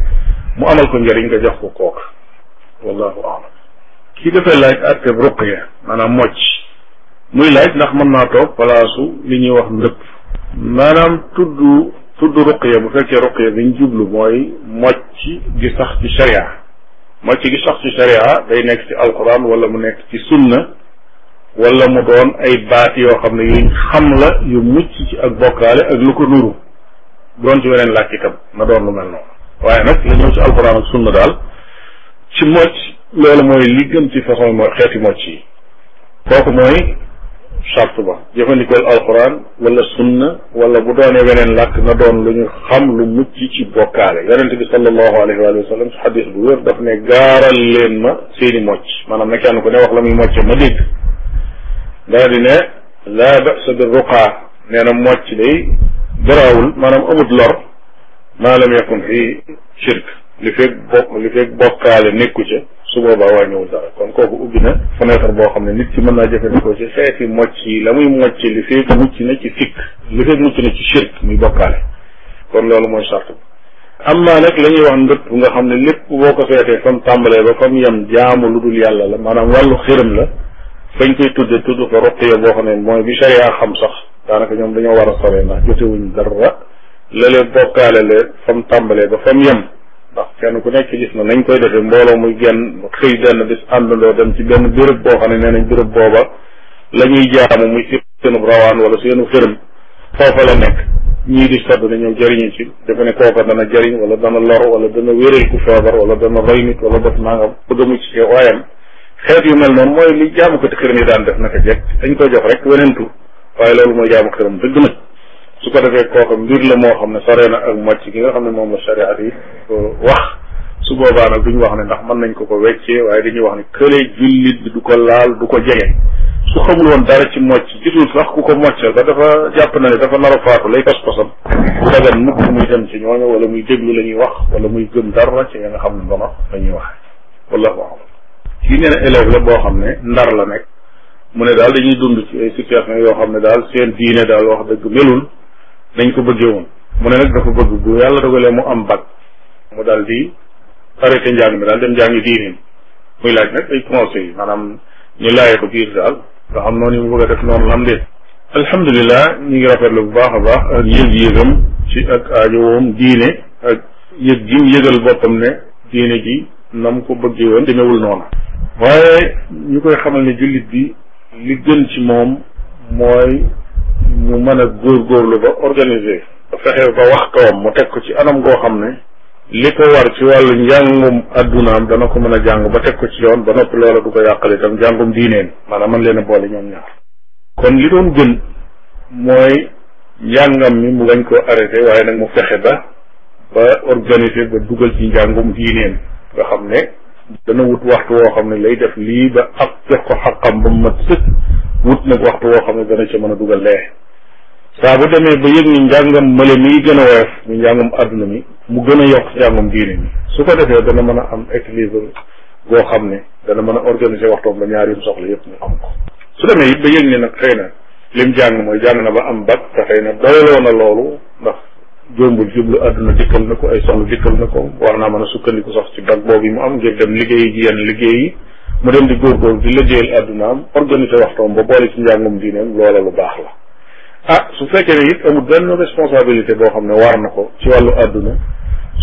mu amal ko njëriñ nga jox ko kooka wallahu aalam kii dafay laaj atteb ruqya maanaam mocc muy laaj ndax mën naa toog palaasu li ñuy wax ndëpp maanaam tudd tudd ruqya bu fekkee ruqya bi ñu jublu mooy mocc gi sax ci sharia mocc gi sax ci sharia day nekk ci alquran wala mu nekk ci sunna wala mu doon ay baat yoo xam ne xam la yu mucc ci ak bokkaale ak lu ko nuru doon ci weneen làkk itam na doon lu mel noonu waaye nag la ñëw ci alxuraan ak sunna daal ci mocc loolu mooy li gën ci façon mooy xeeti mocc yi kooku mooy charte ba jëfandikool alxuraan wala sunna wala bu doonee weneen làkk na doon lu ñu xam lu mucc ci bokkaale yonent bi sallallahu alayhi wa sallam su xadis bu wér daf ne gaaral leen ma seeni mocc maanaam na kenn ku ne wax la muy mocce ma dégg daal laa ba'sa bi ruqaa nee na mocc day garaawul maanaam amut lor maa lam yakun fii shirk li feeg bo li feeg bokkaale nekku ci su boobaa wàññiwul dara kon kooku ubbi na fenêtre boo xam ne nit ci mën naa jëfandikoo ci xeeti mocc yi la muy mocc li feeg mucc na ci fikk li feeg mucc na ci shirk muy bokkaale kon loolu mooy charte bi amma nag la ñuy wax ndëpp nga xam ne lépp boo ko seetee fam tàmbalee ba fam yem jaamu lu dul yàlla la maanaam wàllu xërëm la fañ koy tudde tudd ko roqiya boo xam ne mooy bi sharia xam sax daanaka ñoom dañoo war a sore ndax jotewuñ dara la leen bokkaale le fa mu tàmbalee ba fa mu yem ndax kenn ku nekk gis na nañ koy defee mbooloo muy genn xëy benn bis àndandoo dem ci benn bërëb boo xam ne nee nañ béréb booba la ñuy jaamu muy seenub rawaan wala seenu xërëm foofa la nekk ñii di sodd na jëriñu ci dafa ne kooka dana jëriñ wala dana lor wala dana wéral ku feebar wala dana rey nit wala def nangam bëgg a mucc ci waayam xeet yu mel noonu mooy li jaamu ko ci xërëm def naka jekk dañ koy jox rek wenentu waaye loolu mooy jaamu xiram dëgg nag su ko defee kooka mbir la moo xam ne soree na ak mocc ki nga xam ne moom la shariat yi uh, wax su boobaa nag duñu wax ne ndax mën nañ ko ko weccee waaye dañuy wax ne kële jullit du ko laal du ko jege su xamul woon dara ci mocc gisul sax ku ko moccal ba dafa jàpp na ne dafa nar a faatu lay pas-pasam bu dagan mukk muy dem ci ñooñu wala muy déglu la ñuy wax wala muy gëm dara ci ya nga xam ne ndono la ñuy wax wallahu alam kii la boo xam ne ndar la nekk mu ne daal dañuy dund ci ay situation yoo xam ne daal seen diine daal wax dëgg melul nañ ko bëggee woon mu ne nag dafa bëgg bu la yàlla dogalee mu am bac mu daal di arrêté njàng mi daal dem njàngi diine muy laaj nag ay conseil maanaam ñu laajee ko biir daal nga xam noonu mu bëgg a def noonu lam de alhamdulilah ñu ngi bu baax a baax ak yëg-yëgam ci ak aajowoom diine ak yëg gi mu yëgal boppam ne diine ji na mu ko bëggee woon demewul noonu li gën ci moom mooy mu mën a góor góorgóorlu ba organiser fexe ba wax kawam mu teg ko ci anam goo xam ne li ko war ci wàllu njàngum addunaam dana ko mën a jàng ba teg ko ci yoon ba noppi loola du ko yàqal itam njàngum diineen maanaam man leen a boole ñoom ñaar kon li doon gën mooy njàngam mi mu bañ ko arrêté waaye nag mu fexe ba ba organiser ba dugal ci njàngum diineen nga xam ne dana wut waxtu woo xam ne lay def lii ba ak jox ko xaqam ba mu mat sëkk wut nag waxtu woo xam ne dana ca mën a dugal lee saa bu demee ba yëg ni njàngam mële gën a woyof mi njàngam àdduna mi mu gën a njàngam diine mi su ko defee dana mën a am équilibre boo xam ne dana mën a organiser waxtoom ba ñaari soxla yëpp mu su demee it ba yëg ni nag xëy na lim jàng mooy jàng na ba am bac te xëy na doyloo na loolu ndax jómbul jublu àdduna dikkal na ko ay sonn dikkal na ko war naa mën a sukkandiku sax ci bag boobu yi mu am ngir dem liggéeyi ji yenn liggéey yi mu dem di góorgóor di liggéeyal àddunaam organiser waxtoom ba boole ci njàngum diineem loola lu baax la ah su fekkee ne it amul benn responsabilité boo xam ne war na ko ci wàllu àdduna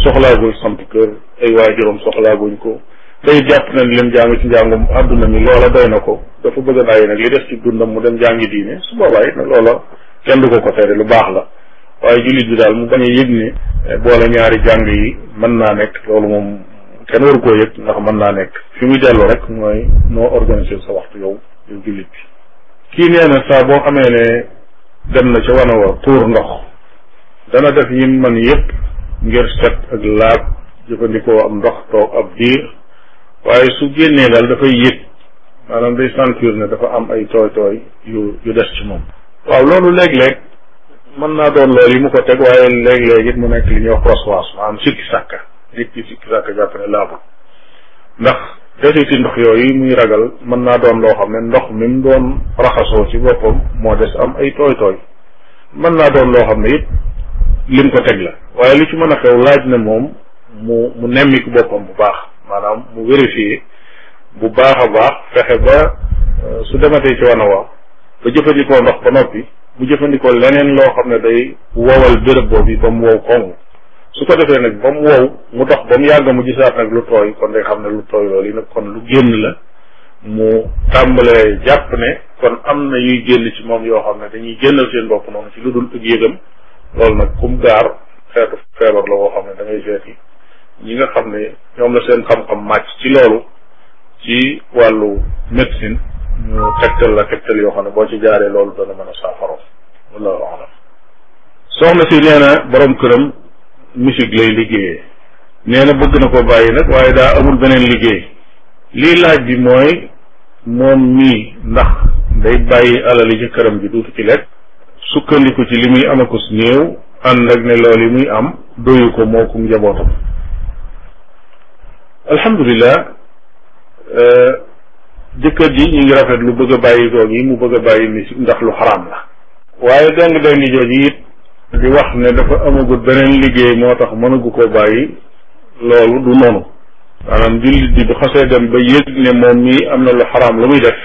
soxlaagul samp kër ay waajuram soxlaaguñ ko day jàpp na ni lim jàng ci njàngum àdduna mi loola doy na ko dafa bëgg a bàyyi nag ci dundam mu dem jàngi diine su na loola kenn ko ko lu baax la waaye jullit bi daal mu bañ a yëg ne eh, boole ñaari jàng yi mën naa nekk loolu moom kenn waru koo yëg ndax mën naa nekk fi muy dellu rek mooy noo organiser sa waxtu yow yow jullit bi kii nee na saa boo xamee ne dem na ca wana wa tuur ndox dana def yi man yëpp ngir set ak laab jëfandikoo am ndox toog ab diir waaye su génnee daal dafay yëg maanaam day sentir ne dafa am ay tooy tooy yu yu des ci moom waaw loolu léeg-léeg mën naa doon loolu yi mu ko teg waaye léeg léegi it mu nekk li ñuy wax proswaas am sikki sàkka nit ki sikki sàkka jàpp ne laabul ndax desiti ndox yooyu muy ragal mën naa doon loo xam ne ndox mi mu doon raxasoo ci boppam moo des am ay tooy tooy mën naa doon loo xam ne it lim ko teg la waaye lu ci mën a xew laaj na moom mu mu nemmiku boppam bu baax maanaam mu vérifier bu baax a baax fexe ba euh, su dematee ci wana waa ba jëfandikoo ndox ba noppi mu jëfandikoo leneen loo xam ne day wowal béréb boobu ba mu wow koŋ su ko defee nag ba mu wow mu dox ba mu yàgg mu gisaat nag lu tooy kon day xam ne lu tooy loolu yi nag kon lu génn la mu tàmbalee jàpp ne kon am na yuy génn ci moom yoo xam ne dañuy génnal seen bopp noonu ci lu dul ak yëgam loolu nag kum gaar xeetu feebar la boo xam ne da ngay seeti ñi nga xam ne ñoom la seen xam-xam màcc ci loolu ci wàllu médecine ñu tegtal la tegtal yoo xam ne boo ci jaaree loolu dana mën a saafaro wallahu alam soxna si nee na borom këram musique lay liggéeyee nee na bëgg na ko bàyyi nag waaye daa amul beneen liggéey lii laaj bi mooy moom mi ndax day bàyyi alali ci këram ji duutu ci lekk sukkandiku ci li muy am akus néew ànd ak ne loolu muy am doyu ko moo kum njabootam alhamdulilah euh, jëkkër ji ñu ngi rafet lu bëgg a bàyyi doom yi mu bëgg a bàyyi ni ndax lu xaraam la waaye dong doy ni jooju it di wax ne dafa amagut beneen liggéey moo tax mënagu ko bàyyi loolu du noonu maanaam jullit bi bu xasee dem ba yëg ne moom mii am na lu xaraam lu muy def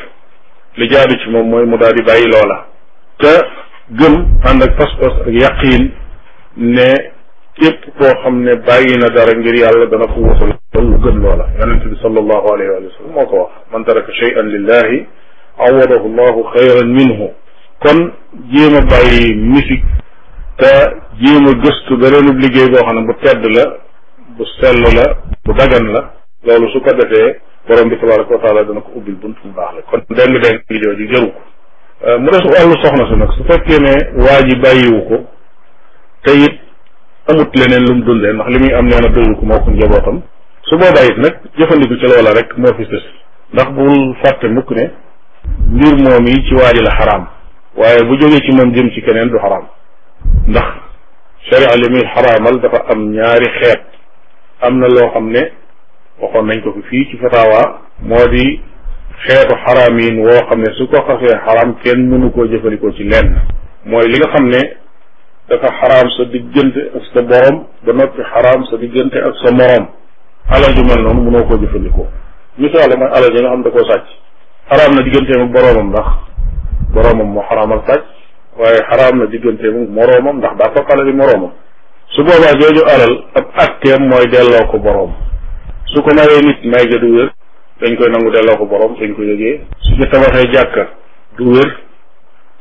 li jaadu ci moom mooy mu daal di bàyyi loola te gëm ànd ak pas-pas ak yaqiin ne képp koo xam ne bàyyi na dara ngir yàlla dana ko wutal lu gën loola yonent bi sallallahu alayhi wa sallam moo ko wax man taraka shay'an lillahi awadahu llahu xayran ko kon jéem a bàyyi misik te jéem a gëstu beneenub liggéey boo xam ne bu tedd la bu sell la bu dagan la loolu su ko defee borom bi tabaraka wa taala dana ko ubbil bunt bu baax la kon déng-déng gi jooju jëru ko euh, mu des wàllu soxna si nag su fekkee ne waa ji bàyyiwu ko te it amut leneen lu mu dundee ndax li muy am nee na doyul ko moo ko njabootam su boobaa it nag jëfandiku ci loola rek moo fi sës ndax bul fàtte mukk ne mbir moom yi ci waaji la xaraam waaye bu jógee ci moom jëm ci keneen du xaraam ndax sharia li xaraamal dafa am ñaari xeet am na loo xam ne waxoon nañ ko fi fii ci fatawaa moo di xeetu xaraam yi woo xam ne su ko xasee xaraam kenn mënu koo jëfandikoo ci leen mooy li nga xam ne dafa xaraam sa diggante ak sa borom ba noppi xaraam sa ak sa moroom alal ju mel noonu mënoo koo jëfandikoo misaal mooy alal ji nga xam da koo sàcc xaraam na digganteem ak boroomam ndax boroomam moo xaraamal sàcc waaye xaraam na digganteem ak moroomam ndax daa fab alali moroomam su boobaa jooju alal ab atteem mooy delloo ko boroom su ko mayee nit may ga du wér dañ koy nangu delloo ko boroom dañ ko yëgee suñu tabaxee jàkka du wér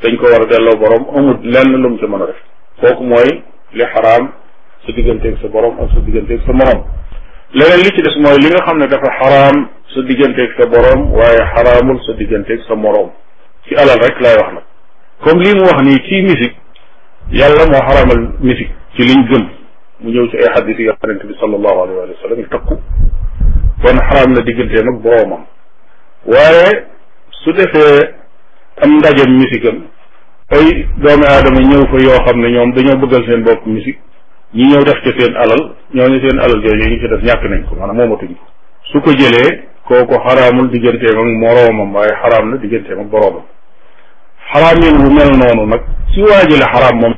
dañ ko war a delloo boroom amul lenn lu mu ci mën a def kooku mooy li xaraam sa digganteeg sa boroom ak sa digganteeg sa moroom leneen li ci des mooy li nga xam ne dafa xaraam sa digganteeg sa boroom waaye xaraamul sa digganteeg sa moroom ci alal rek laay wax nag comme lii mu wax nii ci musique yàlla moo xaraamal musique ci liñ gëm mu ñëw ci ay xaddis yi yonent bi sallallahu alayhi wa sallam yu takku kon xaraam na digganteem ak boroomam waaye su defe am ndajem musique am ay doomi aadama ñëw fa yoo xam ne ñoom dañoo bëggal seen bopp musique ñu ñëw def ci seen alal ñooñu seen alal jooju ñu ci def ñàkk nañ ko a maanaam moomatuñ ko su ko jëlee kooku xaraamul digganteem ak moroomam waaye xaraam la digganteem ak boroomam xaraam yin bu mel noonu nag si waa ji la xaraam moom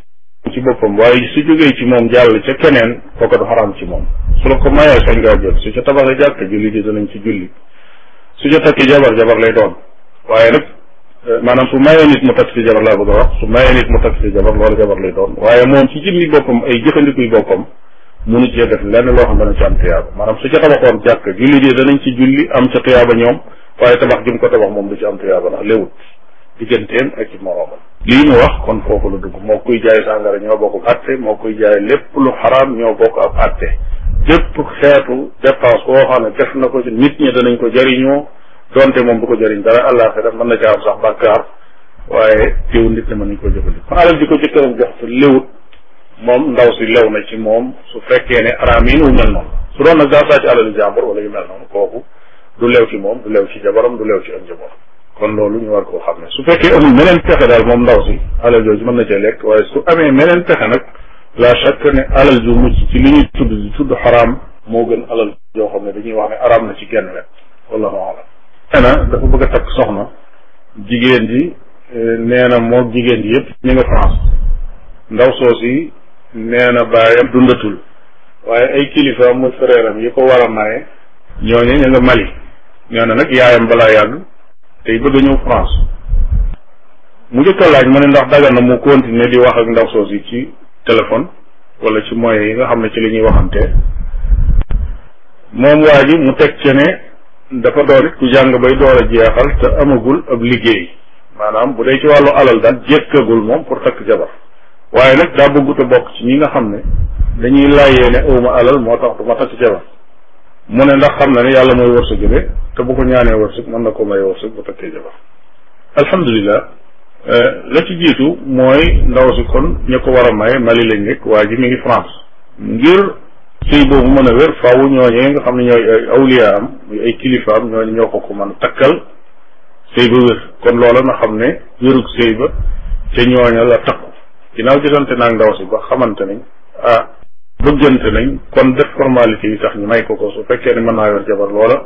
ci boppam waaye su jógee ci moom jàll ca keneen kooka du xaraam ci moom su la ko mayee sañ ngaa jël su ca tabaxee jàkk julli di danañ ci julli su ca takki jabar jabar lay doon waaye nag Euh, maanaam su mayee nit mu takk jabar laa bëgg a wax su mayee nit mu takk ci jabar loolu jabar lay doon waaye moom ci jëmmi boppam ay jëfandikuy boppam munu cee def lenn loo xam dana ci am tiyaaba maanaam su ca tabaxoon jàkk julli dee danañ ci julli am ca tiyaaba ñoom waaye tabax jëm ko tabax moom du ci am tiyaaba ndax léwut digganteem ak ci moroomam lii mu wax kon foofu lu dugg moo koy jaay sàngara ñoo bokk atte moo koy jaay lépp lu xaraam ñoo bokk ab atte bépp xeetu dépense boo xam ne def na ko ci nit donte moom du ko jëriñ dara àllaaxira mën na caa am sax bàkkaar waaye teewul nit ñi mën nañu ko jëfandikoo. kon alal ji ko jëkkëram jox te léwut moom ndaw si lew na ci moom su fekkee ne araam yi wu mel noonu su doon nag daa saa ci alal jàmbur wala yu mel noonu kooku du lew moom du lew ci du lew ci am jabar kon loolu ñu war koo xam ne su fekkee amul meneen pexe daal moom ndaw si alal jooju mën na cee lekk waaye su amee meneen pexe nag la chaque ne alal ju mucc ci li ñuy tudd moo gën alal joo xam ne dañuy wax ne araam na ci genn wet nee na dafa bëgg a takk soxna jigéen ji eh, neena na moo jigéen ji yëpp ñu nga France ndaw soos yi nee na baayam dundatul waaye ay kilifa mu fréeram yi ko war a maye ñooñu ñu Mali nee na nag yaayam balaa yàgg tey bëgg a ñëw France mu njëkk a laaj ma ne ndax dagan na mu continuer di wax ak ndaw soos yi ci téléphone wala ci moyens yi nga xam ne ci li ñuy moom waa mu teg ci dafa doon it ku jàng bay door a jeexal te amagul ab liggéey maanaam bu dee ci wàllu alal daal jékkagul moom pour takk jabar waaye nag daa bëggut a bokk ci ñi nga xam ne dañuy laayee ne awma alal moo tax du ma takk jabar mu ne ndax xam na ne yàlla mooy wërsëgale te bu ko ñaanee wërsëg mën na ko may wërsëg bu takkee jabar alhamdulilah eh, la ci jiitu mooy ndaw si kon ña ko war a may Mali lañ nekk waa ji mi ngi France ngir sëy boobu mën a wér faaw ñooñee nga xam ne ñooy ay awliya am muy ay kilifaam ñooñu ñoo ko ko mën a takkal sëy ba wér kon loola na xam ne wérug sëy ba ca ñooña la takku ginnaaw jotante naag ndaw si ba xamante nañ bëggante nañ kon def formalité yi tax ñu may ko ko su fekkee ne mën naa yor jabar loola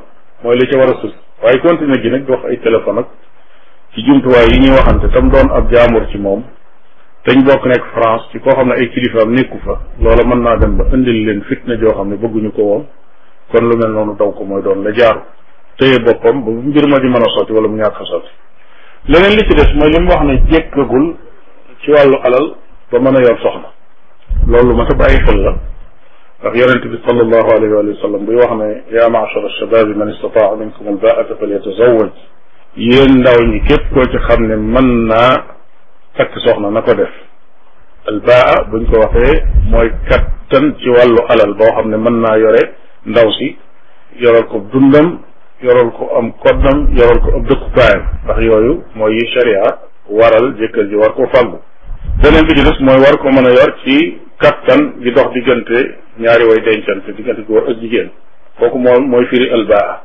mooy li ca war a sus waaye continuer gi nag di wax ay téléphone ak ci jumtuwaay yi ñuy waxante tam doon ab jaamur ci moom te ñu bokk nekk France ci koo xam ne ay kilifaam nekku fa loola mën naa dem ba indil leen fitna joo xam ne bëgguñu ko woon kon lu mel noonu daw ko mooy doon la jaaru téye boppam ba mbir ma di mën a sotti wala mu ñàkk a sotti leneen li ci des mooy li mu wax ne jékkagul ci wàllu alal ba mën a yor soxna loolu ma sa bàyyi xel la ndax e bi sallallahu alayhi wa sallam buy wax ne yaa maachara shababi man istataa minkum albaata e yéen ndaw ñi képp koo ci ma ne mën naa takk soxna na ko def albaa buñ ko waxee mooy kattan ci wàllu alal boo xam ne mën naa yore ndaw si yoral ko dundam yoral ko am koddam yoral ko ab dëkkukaayam ndax yooyu mooy yi sharia waral jëkkër ji war ko fàggu beneen bi ci des mooy war ko mën a yor ci kattan gi dox diggante ñaari way dencante diggante góor ak jigéen kooku moom mooy firi albaa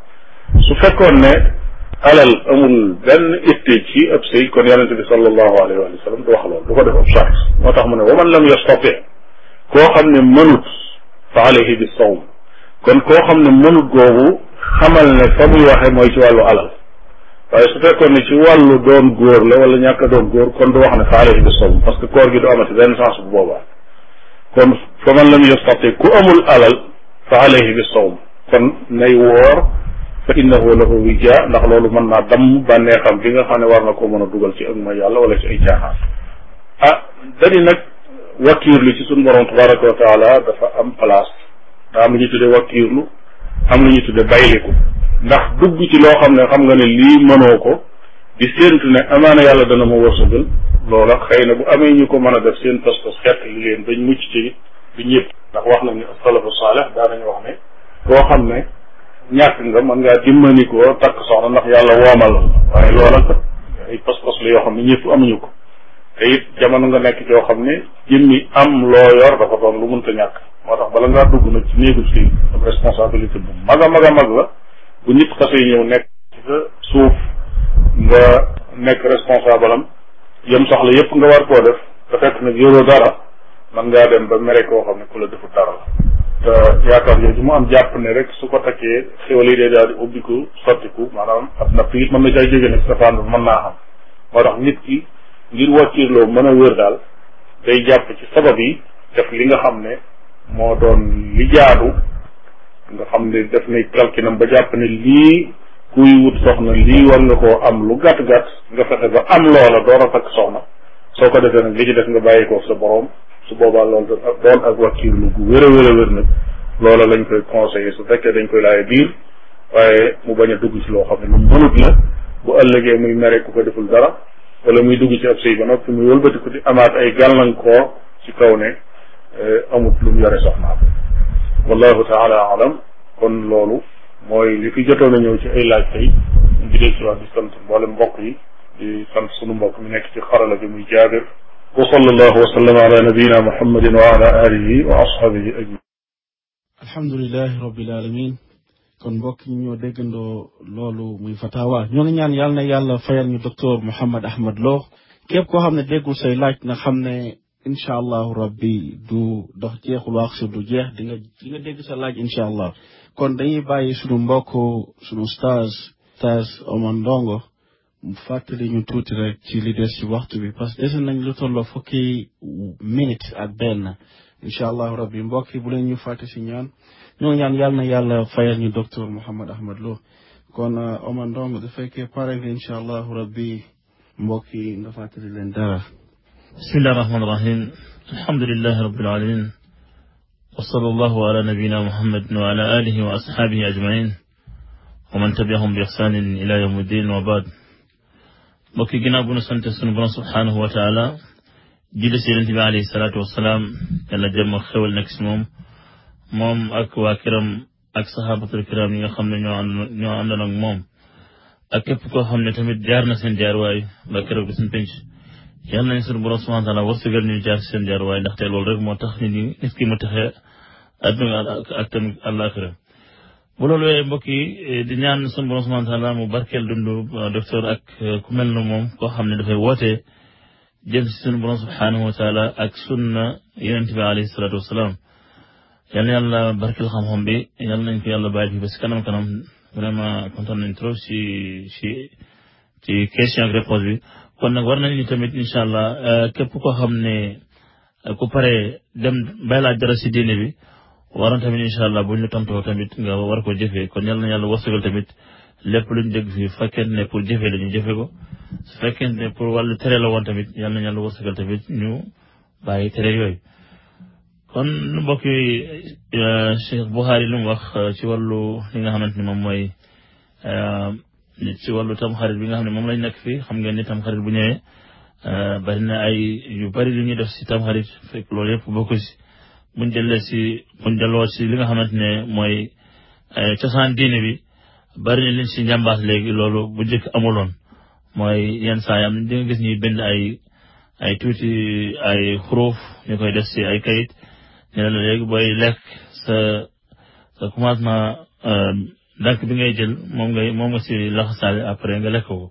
su fekkoon ne alal amul benn itte ci ab sëy kon yonente bi sallallahu alayhi wa sallam du wax loolu du ko def ab charte moo tax mu ne wa man lam yastati koo xam ne mënut fa alayhi bi sawm kon koo xam ne mënut googu xamal ne fa muy waxee mooy ci wàllu alal waaye su fekkoon ne ci wàllu doon góor la wala ñàkk a doon góor kon du wax ne fa alayhi bi sawm parce que koor gi du amati benn sens bu boobaa kon fa man lam yastati ku amul alal fa alayhi bi sawm kon nay woor fa innahu lahu wija ndax loolu mën naa damm bànneexam bi nga xam ne war na koo mën a dugal ci ak mooy yàlla wala ci ay caaxaan ah dañu nag wakkiirlu ci suñu borom tabaraka wa taala dafa am place daa am lu ñu tuddee wakkiirlu am lu ñu tuddee bayliku ndax dugg ci loo xam ne xam nga ne lii mënoo ko di séentu ne amaana yàlla dana ma wërsëgal loola xëy na bu amee ñu ko mën a def seen pas-pas xett li leen bañ mucc ci bi ñëpp ndax wax nañ ne salafu ñàkk nga mën ngaa dimmanikoo takk soxna ndax yàlla woomal waaye loola kat ay pos-pos la yoo xam ne ñëpp amuñu ko te it jamono nga nekk yoo xam ne jëmmi am loo yor dafa doon lu mënta ñàkk moo tax bala ngaa dugg nag ci néegu si responsabilité bu mag a mag a mag la bu nit xasee ñëw nekk ci sa suuf nga nekk responsable am yem soxla yépp nga war koo def te fekk nag yoroo dara man ngaa dem ba mere koo xam ne ku la defut dara la te yaakaar yooyu ma am jàpp ne rek su ko takkee xéwal yi day daal di ubbiku sottiku maanaam ab napp it mën na caa jóge nag safaan mën naa xam ma tax nit ki ngir wàccirloo mën a wér daal day jàpp ci sabab yi def li nga xam ne moo doon li jaadu nga xam ne def nay calculam ba jàpp ne lii kuy wut soxna lii war nga koo am lu gàtt-gàtt nga fexe ba am loola door a takk soxna soo ko defee nag li ci def nga bàyyi ko sa boroom su boobaa loolu da ak doon ak wakkiirlu gu wér a wér a loola lañ koy conseillé su fekkee dañ koy laaye biir waaye mu bañ a dugg ci loo xam ne lu mënut la bu ëllëgee muy mere ku ko deful dara wala muy dugg ci ab sëy ba noppi muy wëlbati ko di amaat ay gàllankoor ci kaw ne eh, amut lu mu yore soxnaam wallahu taala alam kon loolu mooy li fi jotoon a ñëw ci ay laaj tey ñu ngi del ci wax di sant mboolem mbokk yi di sant sunu mbokk mi nekk ci xarala bi muy jaabir wa sallallahu wa sallam ala nabiyyina muhammadin wa ala alihi déggandoo loolu muy fatawa ñoo ñaan yàlla na yàlla fayal ñu docteur Mouhamed Ahmad Lo képp koo xam ne déggul say laaj na xam ne incha allahu rabbi du dox jeexul wax si du jeex di nga di dégg sa laaj incha allah kon dañuy bàyyi suñu mbokk suñu stage stage Omar Ndongo fàttali ñu tuuti rek ci li des ci waxtu bi parce que dese nañ lu tolloo fukki minute ak benn incha allahu rabbi mbokk yi bu leen ñu fàtte si ñaan ñoo ñaan yàlla na yàlla ñu docteur Mouhamed Ahmed Lo kon euh, Omar Ndong du fekkee pare nga incha allahu rabbi mbokk yi nga fàttali leen dara. bismillahi rahmaani rahim alhamdulillahi rabbil alamin wa sallallahu ala nabiyina Muhammad wa ala alihi wa ashabihi ajmain wa man tabiahum bi ihsanin ila yawmi ddin wa baad mbokk yi ginnaaw bu nu sant sunu borom subhaanahu wa taala julli si yonent bi alayhi salaatu wasalaam yàlla jëm xewal nekk si moom moom ak waa kiram ak saxaabatul kiram yi nga xam ne ñoo ñoo àndoon ak moom ak képp koo xam ne tamit jaar na seen jaar waay ba keroog seen penc yàlla nañ sunu borom subhaanahu wa taala wërsëgal ñu jaar seen jaar waay ndaxte loolu rek moo tax nit ñi nit ki mu taxee adduna ak tamit àllaaxira bu loolu wee mbokk yi eh, di ñaan sunu borom subhanahu wa taala mu barkeel dundu eh, docteur ak eh, ku mel na moom koo xam ne dafay woote jëm si sunu borom subhanahu ak sunna yonente bi alayhi salaatu wasalaam yal na yàlla barkeel xam-xam bi yal nañ ko yàlla bàyyi fi ba si kanam kanam vraiment kontaan nañ trop si si ci bi kon nag war nañu tamit incha allah képp koo xam ne ku pare dem bay laaj dara si diine bi waroon tamit incha allah ñu la tontoo tamit nga war ko jëfee kon yal na yàlla wasugal tamit lépp luñ dégg fii fekkente ne pour jëfee la ñu jëfe ko su fekkente ne pour wàllu tere la woon tamit yal na yàlla wasugal tamit ñu bàyyi tere yooyu. kon mbokk yi euh, Cheikh Bukhari lu mu wax euh, ci wàllu li nga xamante ne moom mooy euh, ci wàllu tamxarit bi nga xam ne moom lañ nekk fii xam ngeen ni tamxarit bu ñëwee bari na ay yu bari lu ñuy def si tamxarit fekk loolu yëpp bokku si. buñ dellee si buñ delloo si li nga xamante ne mooy eh, cosaan diine bi bari na liñ si njàmbaas léegi loolu bu njëkk amuloon mooy yenn saa yi am di nga gis ñuy bind ay ay tuuti ay xuruuf ñu koy def si ay kayit ne la léegi booy lekk sa sa commencement euh, dànk bi ngay jël moom ngay moom nga si laxasaale après nga lekk ko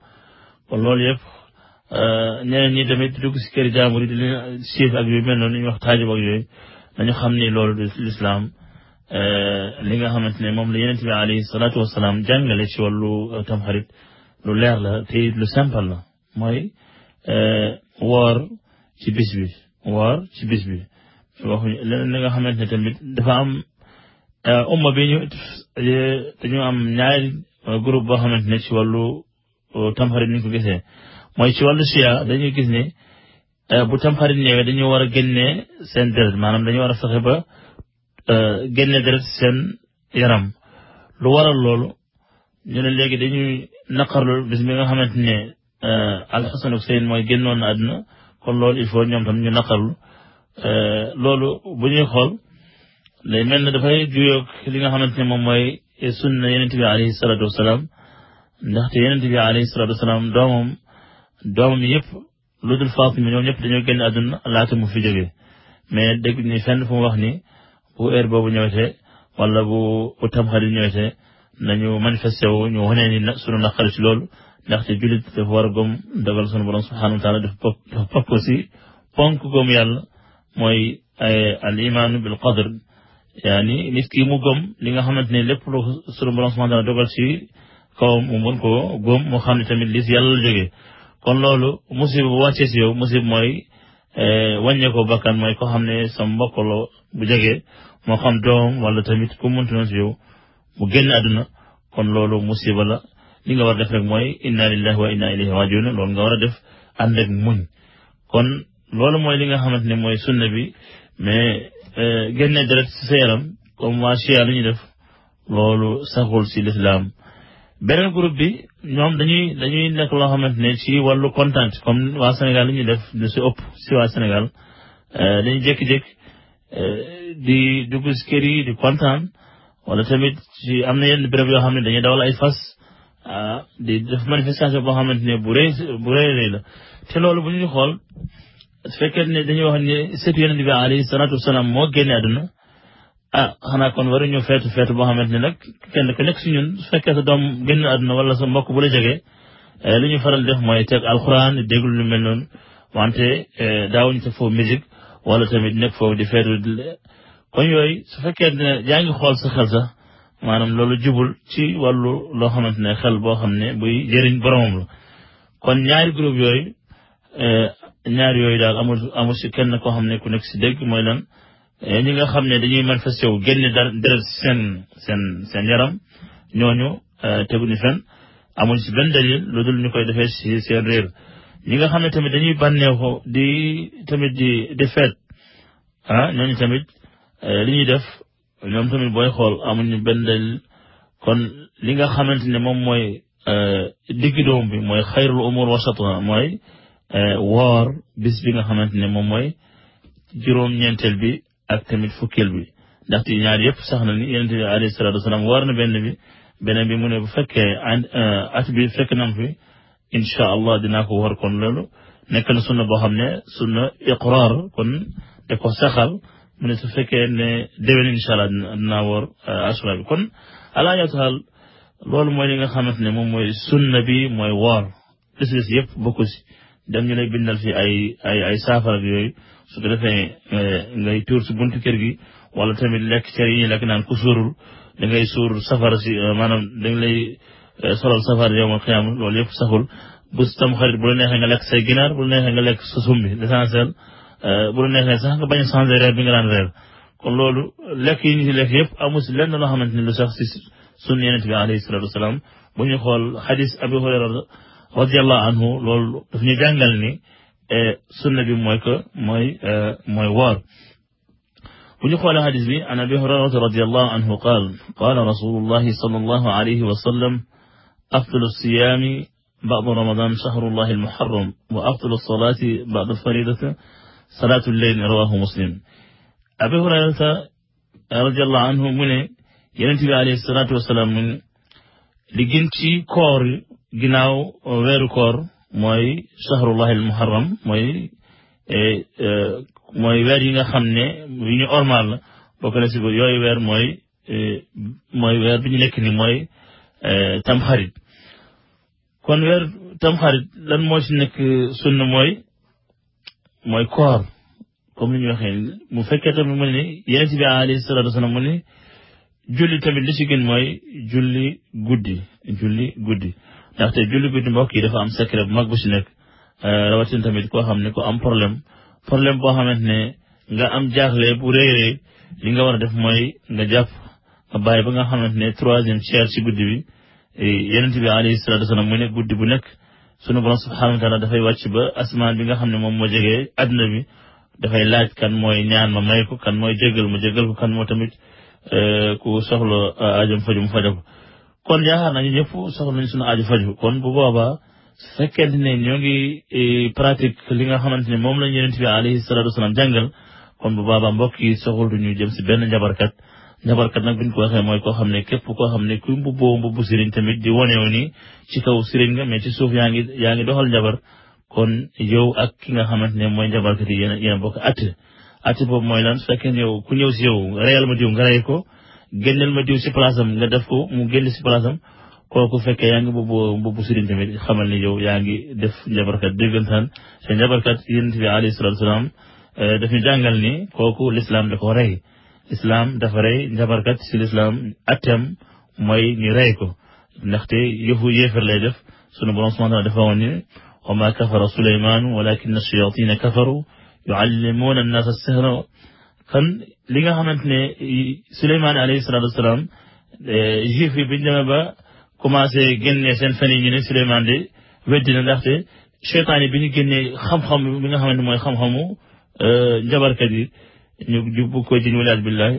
kon loolu yëpp euh, ñeneen nii tamit dugg si kër jaambur yi di leen siif ak yu mel noonu ñu wax taajub ak yooyu dañu xam ni loolu du lislaam euh, li nga xamante ne moom la yonent bi alayhi salaatu wasalaam jàngale ci wàllu euh, tamxarit lu leer la te lu simple la mooy euh, woor ci bis bi woor ci bis bi waxuñu leneen li nga xamante ne tamit dafa am umma bi ñu dañu am ñaari groupe boo xamante ne ci wàllu tamxarit ni ñu ko gisee mooy ci wàllu siya dañuy gis ne Euh, bu tamxarit ñëwee dañu war a génne seen deret maanaam dañuy war a fexe ba euh, génne deret seen yaram lu waral loolu ñu ne léegi dañuy naqarlu bis bi nga xamante ne euh, alxasan Huseyn mooy génnoon na àdduna kon loolu il faut ñoom tam ñu naqarlu loolu bu ñuy xool day mel ne dafay juyoog li nga xamante ne moom mooy sunna yonent bi alayhi salaatu wasalaam ndaxte yonent bi alayhi salaatu wasalaam doomam doomam yëpp lu dul Faatima ñoom ñëpp dañoo génn àdduna laata mu fi jógee mais dégg ni fenn fu mu wax ni bu heure boobu ñëwete wala bu bu tamxarit ñëwete nañu manifesté wu ñu wane ni sunu naqari ci loolu ndaxte jullit dafa war a gëm dogal sunu borom subhanahu wa taala dafa bokk dafa bokk aussi ponk gëm yàlla mooy al imaanu bil qadr yaani nit ki mu gëm li nga xamante ne lépp lu sunu borom subhanahu wa taala dogal ci kawam mu ko gëm mu xam ne tamit li si yàlla kon loolu musiba bu wàccee si yow musib mooy eh, wàññeekoo bakkan mooy ko xam ne sa mbokk la bu jege moo xam doom wala tamit ku muntu noon si yow mu génn àdduna kon loolu musiba la li nga war a def rek mooy inna lillahi wa inna ilayhi rajiun loolu nga war a def ànd ak muñ kon loolu mooy li nga xamante ne mooy sunna bi mais eh, génne deret si sa yaram comme waa chia ñu def loolu saxul si lislaam beneen groupe bi ñoom dañuy dañuy nekk loo xamante ne si wàllu content comme waa Sénégal li ñuy def lu si ëpp si waa Sénégal euh, dañuy jékki-jékki euh, di dugg si kër yi di kontaan wala tamit ci am na yenn béréb yoo xam ne dañuy dawal ay fas ah, di def manifestation boo xamante ne bu rëy bu rëy la te loolu bu ñuy xool su fekkee ne dañuy wax ne seetu yonent bi alayhi salaatu moo génne àdduna ah xanaa kon waruñu feetu feetu boo xamante ni nag kenn ku nekk si ñun su fekkee sa doom génn àdduna wala sa mbokk bu la jege eh, li ñu faral def mooy teg alxuraan déglu lu mel noonu wante eh, daawuñu sa foofu musique wala tamit nekk foofu di feetu kon yooyu su fekkee ne yaa maanaam loolu jubul ci wàllu loo xamante ne xel boo xam ne buy jëriñ boromam kon ñaari yooyu eh, ñaari yooyu daal amul amul si kenn koo xam ne ku nekk si dégg mooy lan Eh, ñi nga xam ne dañuy manifesté wu génne deret seen seen seen yaram ñooñu eh, teguñu fenn amuñ si benn dalil lu dul ñu koy defee si seen réer ñi nga xam ne tamit dañuy bànneexu di tamit di di feet ah ñooñu tamit eh, li ñuy def ñoom tamit booy xool amuñu benn dalil kon li nga xamante ne moom mooy digg doom bi mooy xayrul umur wasatuna mooy woor bis bi nga xamante ne moom mooy juróom-ñeenteel bi ak tamit fukkeel bi ndaxte ñaar yëpp sax na ni yonent bi alayhi war na benn bi beneen bi mu ne bu fekkee euh, at bi fekk nam fi dinaa ko war kon loolu nekk sunna boo xam ne sunna iqraar kon da ko saxal mu ne su fekkee ne déwén incha allah dinaa war euh, asura bi kon alaa yaa taxal loolu mooy li nga xamante ne moom mooy sunna bi mooy woor des des yëpp bokku si dem ñu lay bindal fi ay ay ay saafara yooyu su ko defee eh, ngay tuur si buntu kër gi wala tamit lekk cere yi ñuy naan ku suurul da ngay suur safara si eh, maanaam dañ lay eh, solal safara yowmal xiyaama loolu yëpp saxul bu tam xarit bu la neexee nga lekk say ginaar bu la neexee nga lekk sa sumbi l'essentiel bu la neexee sax nga bañ a changé bi nga daan reer kon loolu lekk yi ñu lekk yëpp amu si lenn loo xamante ni lu sax si sunn yonent bi alayhi salaatu wasalaam bu ñu xool xadis abi hurayra radiyallahu anhu loolu daf ñu jàngal ni E, sunna bi mooy que mooy e, mooy woor bu ñu xoolee hadis bi an abi hurayrata radiyallahu anhu qaal qaala rasulullahi sallallahu alayhi wa sallam afdalu siyaami ba'du ramadan shahrullahi almuharram wa afdalu salaati ba'du faridati salaatu llayl rawahu muslim abi hurayrata radiyallahu anhu mu ne yonent bi alayhi salaatu wasalaam mu ne li gën ci koor ginnaaw weeru koor mooy shahrullahi al muharram mooy e, e, mooy weer yi nga xam ne yu ñu ormal la bokk na si yooyu weer mooy e, mooy weer bi ñu nekk ni mooy tamxarit kon weer tamxarit lan moo si nekk sunna mooy mooy koor comme ni ñu waxee mu fekkee tamit mu ne yeneen si bi alayhi salaatu wasalaam mu ne julli tamit li ci gën mooy julli julli guddi ndaxte julli bi di mbokk yi dafa am secret bu mag bu si nekk euh, rawatina tamit koo xam ne ko am problème problème boo xamante ne nga am jaaxle bu rëy rëy li nga war a def mooy nga jàpp nga bàyyi ba nga xamante ne troisième tiers si guddi bi eh, yonent bi alayhi salaatu wasalaam mu ne guddi bu nekk sunu borom subhaanahu wa taala dafay wàcc ba bi nga xam ne moom moo jege àdduna bi dafay laaj kan mooy ñaan ma may ko kan mooy jégal ma jëggal ko kan moo tamit euh, ku soxla euh, ajom fajum faja ko kon yaakaar nañu ñëpp soxla nañ suñu aaju faju kon bu boobaa su ne ñoo ngi e, pratique li nga xamante ne moom la yonent bi alayhi salaatu wasalaam jàngal kon bu boobaa mbokk yi soxul du ñu jëm si benn njabarkat njabarkat nag buñ ko waxee mooy koo xam ne képp koo xam ne ku mbubboo mbubbu sëriñ tamit di wone ni ci kaw sëriñ nga mais ci suuf yaa ngi yaa ngi doxal njabar kon yow ak ki nga xamante ne mooy njabarkat yi yéen yéen bokk att att boobu mooy lan su fekkee yow ku ñëw si yow ma diw nga ko génneel ma diw si place am nga def ko mu génn si place am kooku fekkee yaa ngi boobu boobu sëriñ tamit xamal ni yow yaa ngi def njabarkat déggantaan te njabarkat yonent bi alayhi salaatu salaam eh, daf ñu jàngal ni kooku lislaam da ko rey lislaam dafa rey njabarkat si lislaam atem mooy ñu rey ko ndaxte yëfu yéefar lay def sunu borom subhaanahu wa taala dafa woon ni wa maa kafara suleymaanu walakin ash-shayaatiina kafaru yuallimuuna annaasa as kon li nga xamante ne Souleymane alayhi salaatu wasalaam juif yi biñ ba commencé génne seen fen yi ñu ne Souleymane de weddi ndaxte cheytaan bi ñu génnee xam-xam bi nga xamante mooy xam-xamu njabarkat yi ñu jubbu ko jiñ waliyaas billahi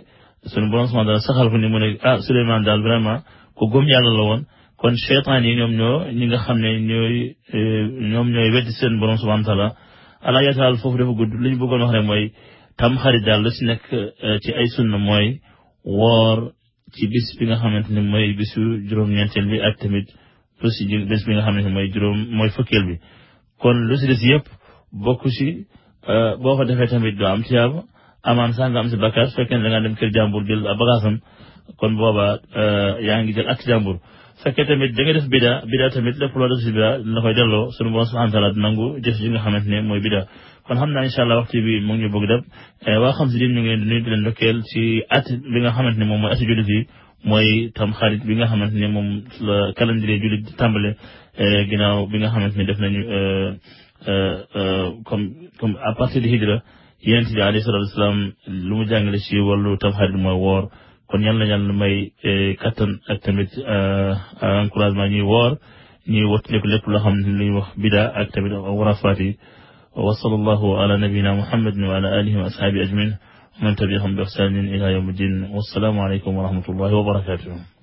sunu borom subhaanahu daal saxal ko ni mu ne ah daal vraiment ko gëm yàlla la woon kon cheytaan yi ñoom ñoo ñi nga xam ne ñooy ñoom ñooy weddi seen borom subhaanahu taala ala yataal foofu dafa gudd li ñu bëggoon wax rek mooy tamxarit daal la si nekk euh, ci ay sunna mooy woor ci bis bi nga xamante ni mooy bisu juróom-ñeenteel bi ak tamit lu si bis bi nga xamante ni mooy juróom mooy fëkkeel bi kon lu si des yëpp bokk si euh, boo ko defee tamit doo am tiyaaba amaan sax nga am si bakkaar su fekkee ne da ngaa dem kër jàmbur jël bagaasam kon booba euh, yaa ngi jël ak jàmbur fekkee tamit da nga def bida tamit def loo def si bida la koy delloo suñu borom subhanahu wa nangu jëf ji nga xamante ne mooy bida kon xam na incha allah waxtu bi mu ñu bëgg dab eh, waa xam si din ñu ngi leen di nuyu di leen at bi nga xamante ne moom mooy atu jullit mooy tam xarit bi nga xamante ne moom la calendrier jullit di tàmbale eh, ginnaaw bi nga xamante ne def nañu eh, comme comme à partir de hijra yonent bi alayhi salatu wasalaam lu mu jàngale si wàllu tam xarit mooy woor kon yal na yàlla may eh, kattan ak tamit eh, eh, encouragement ñuy woor ñuy wattandiku lépp loo xam ne lu ñuy wax bida ak tamit warafaat yi wa sallallahu ala nabiyina muhammadin wa ala alihi wa ashabi ajmain man tabiahum bi ihsanin ila yawmi din wassalaamu aleykum wa rahmatullahi wa barakatuh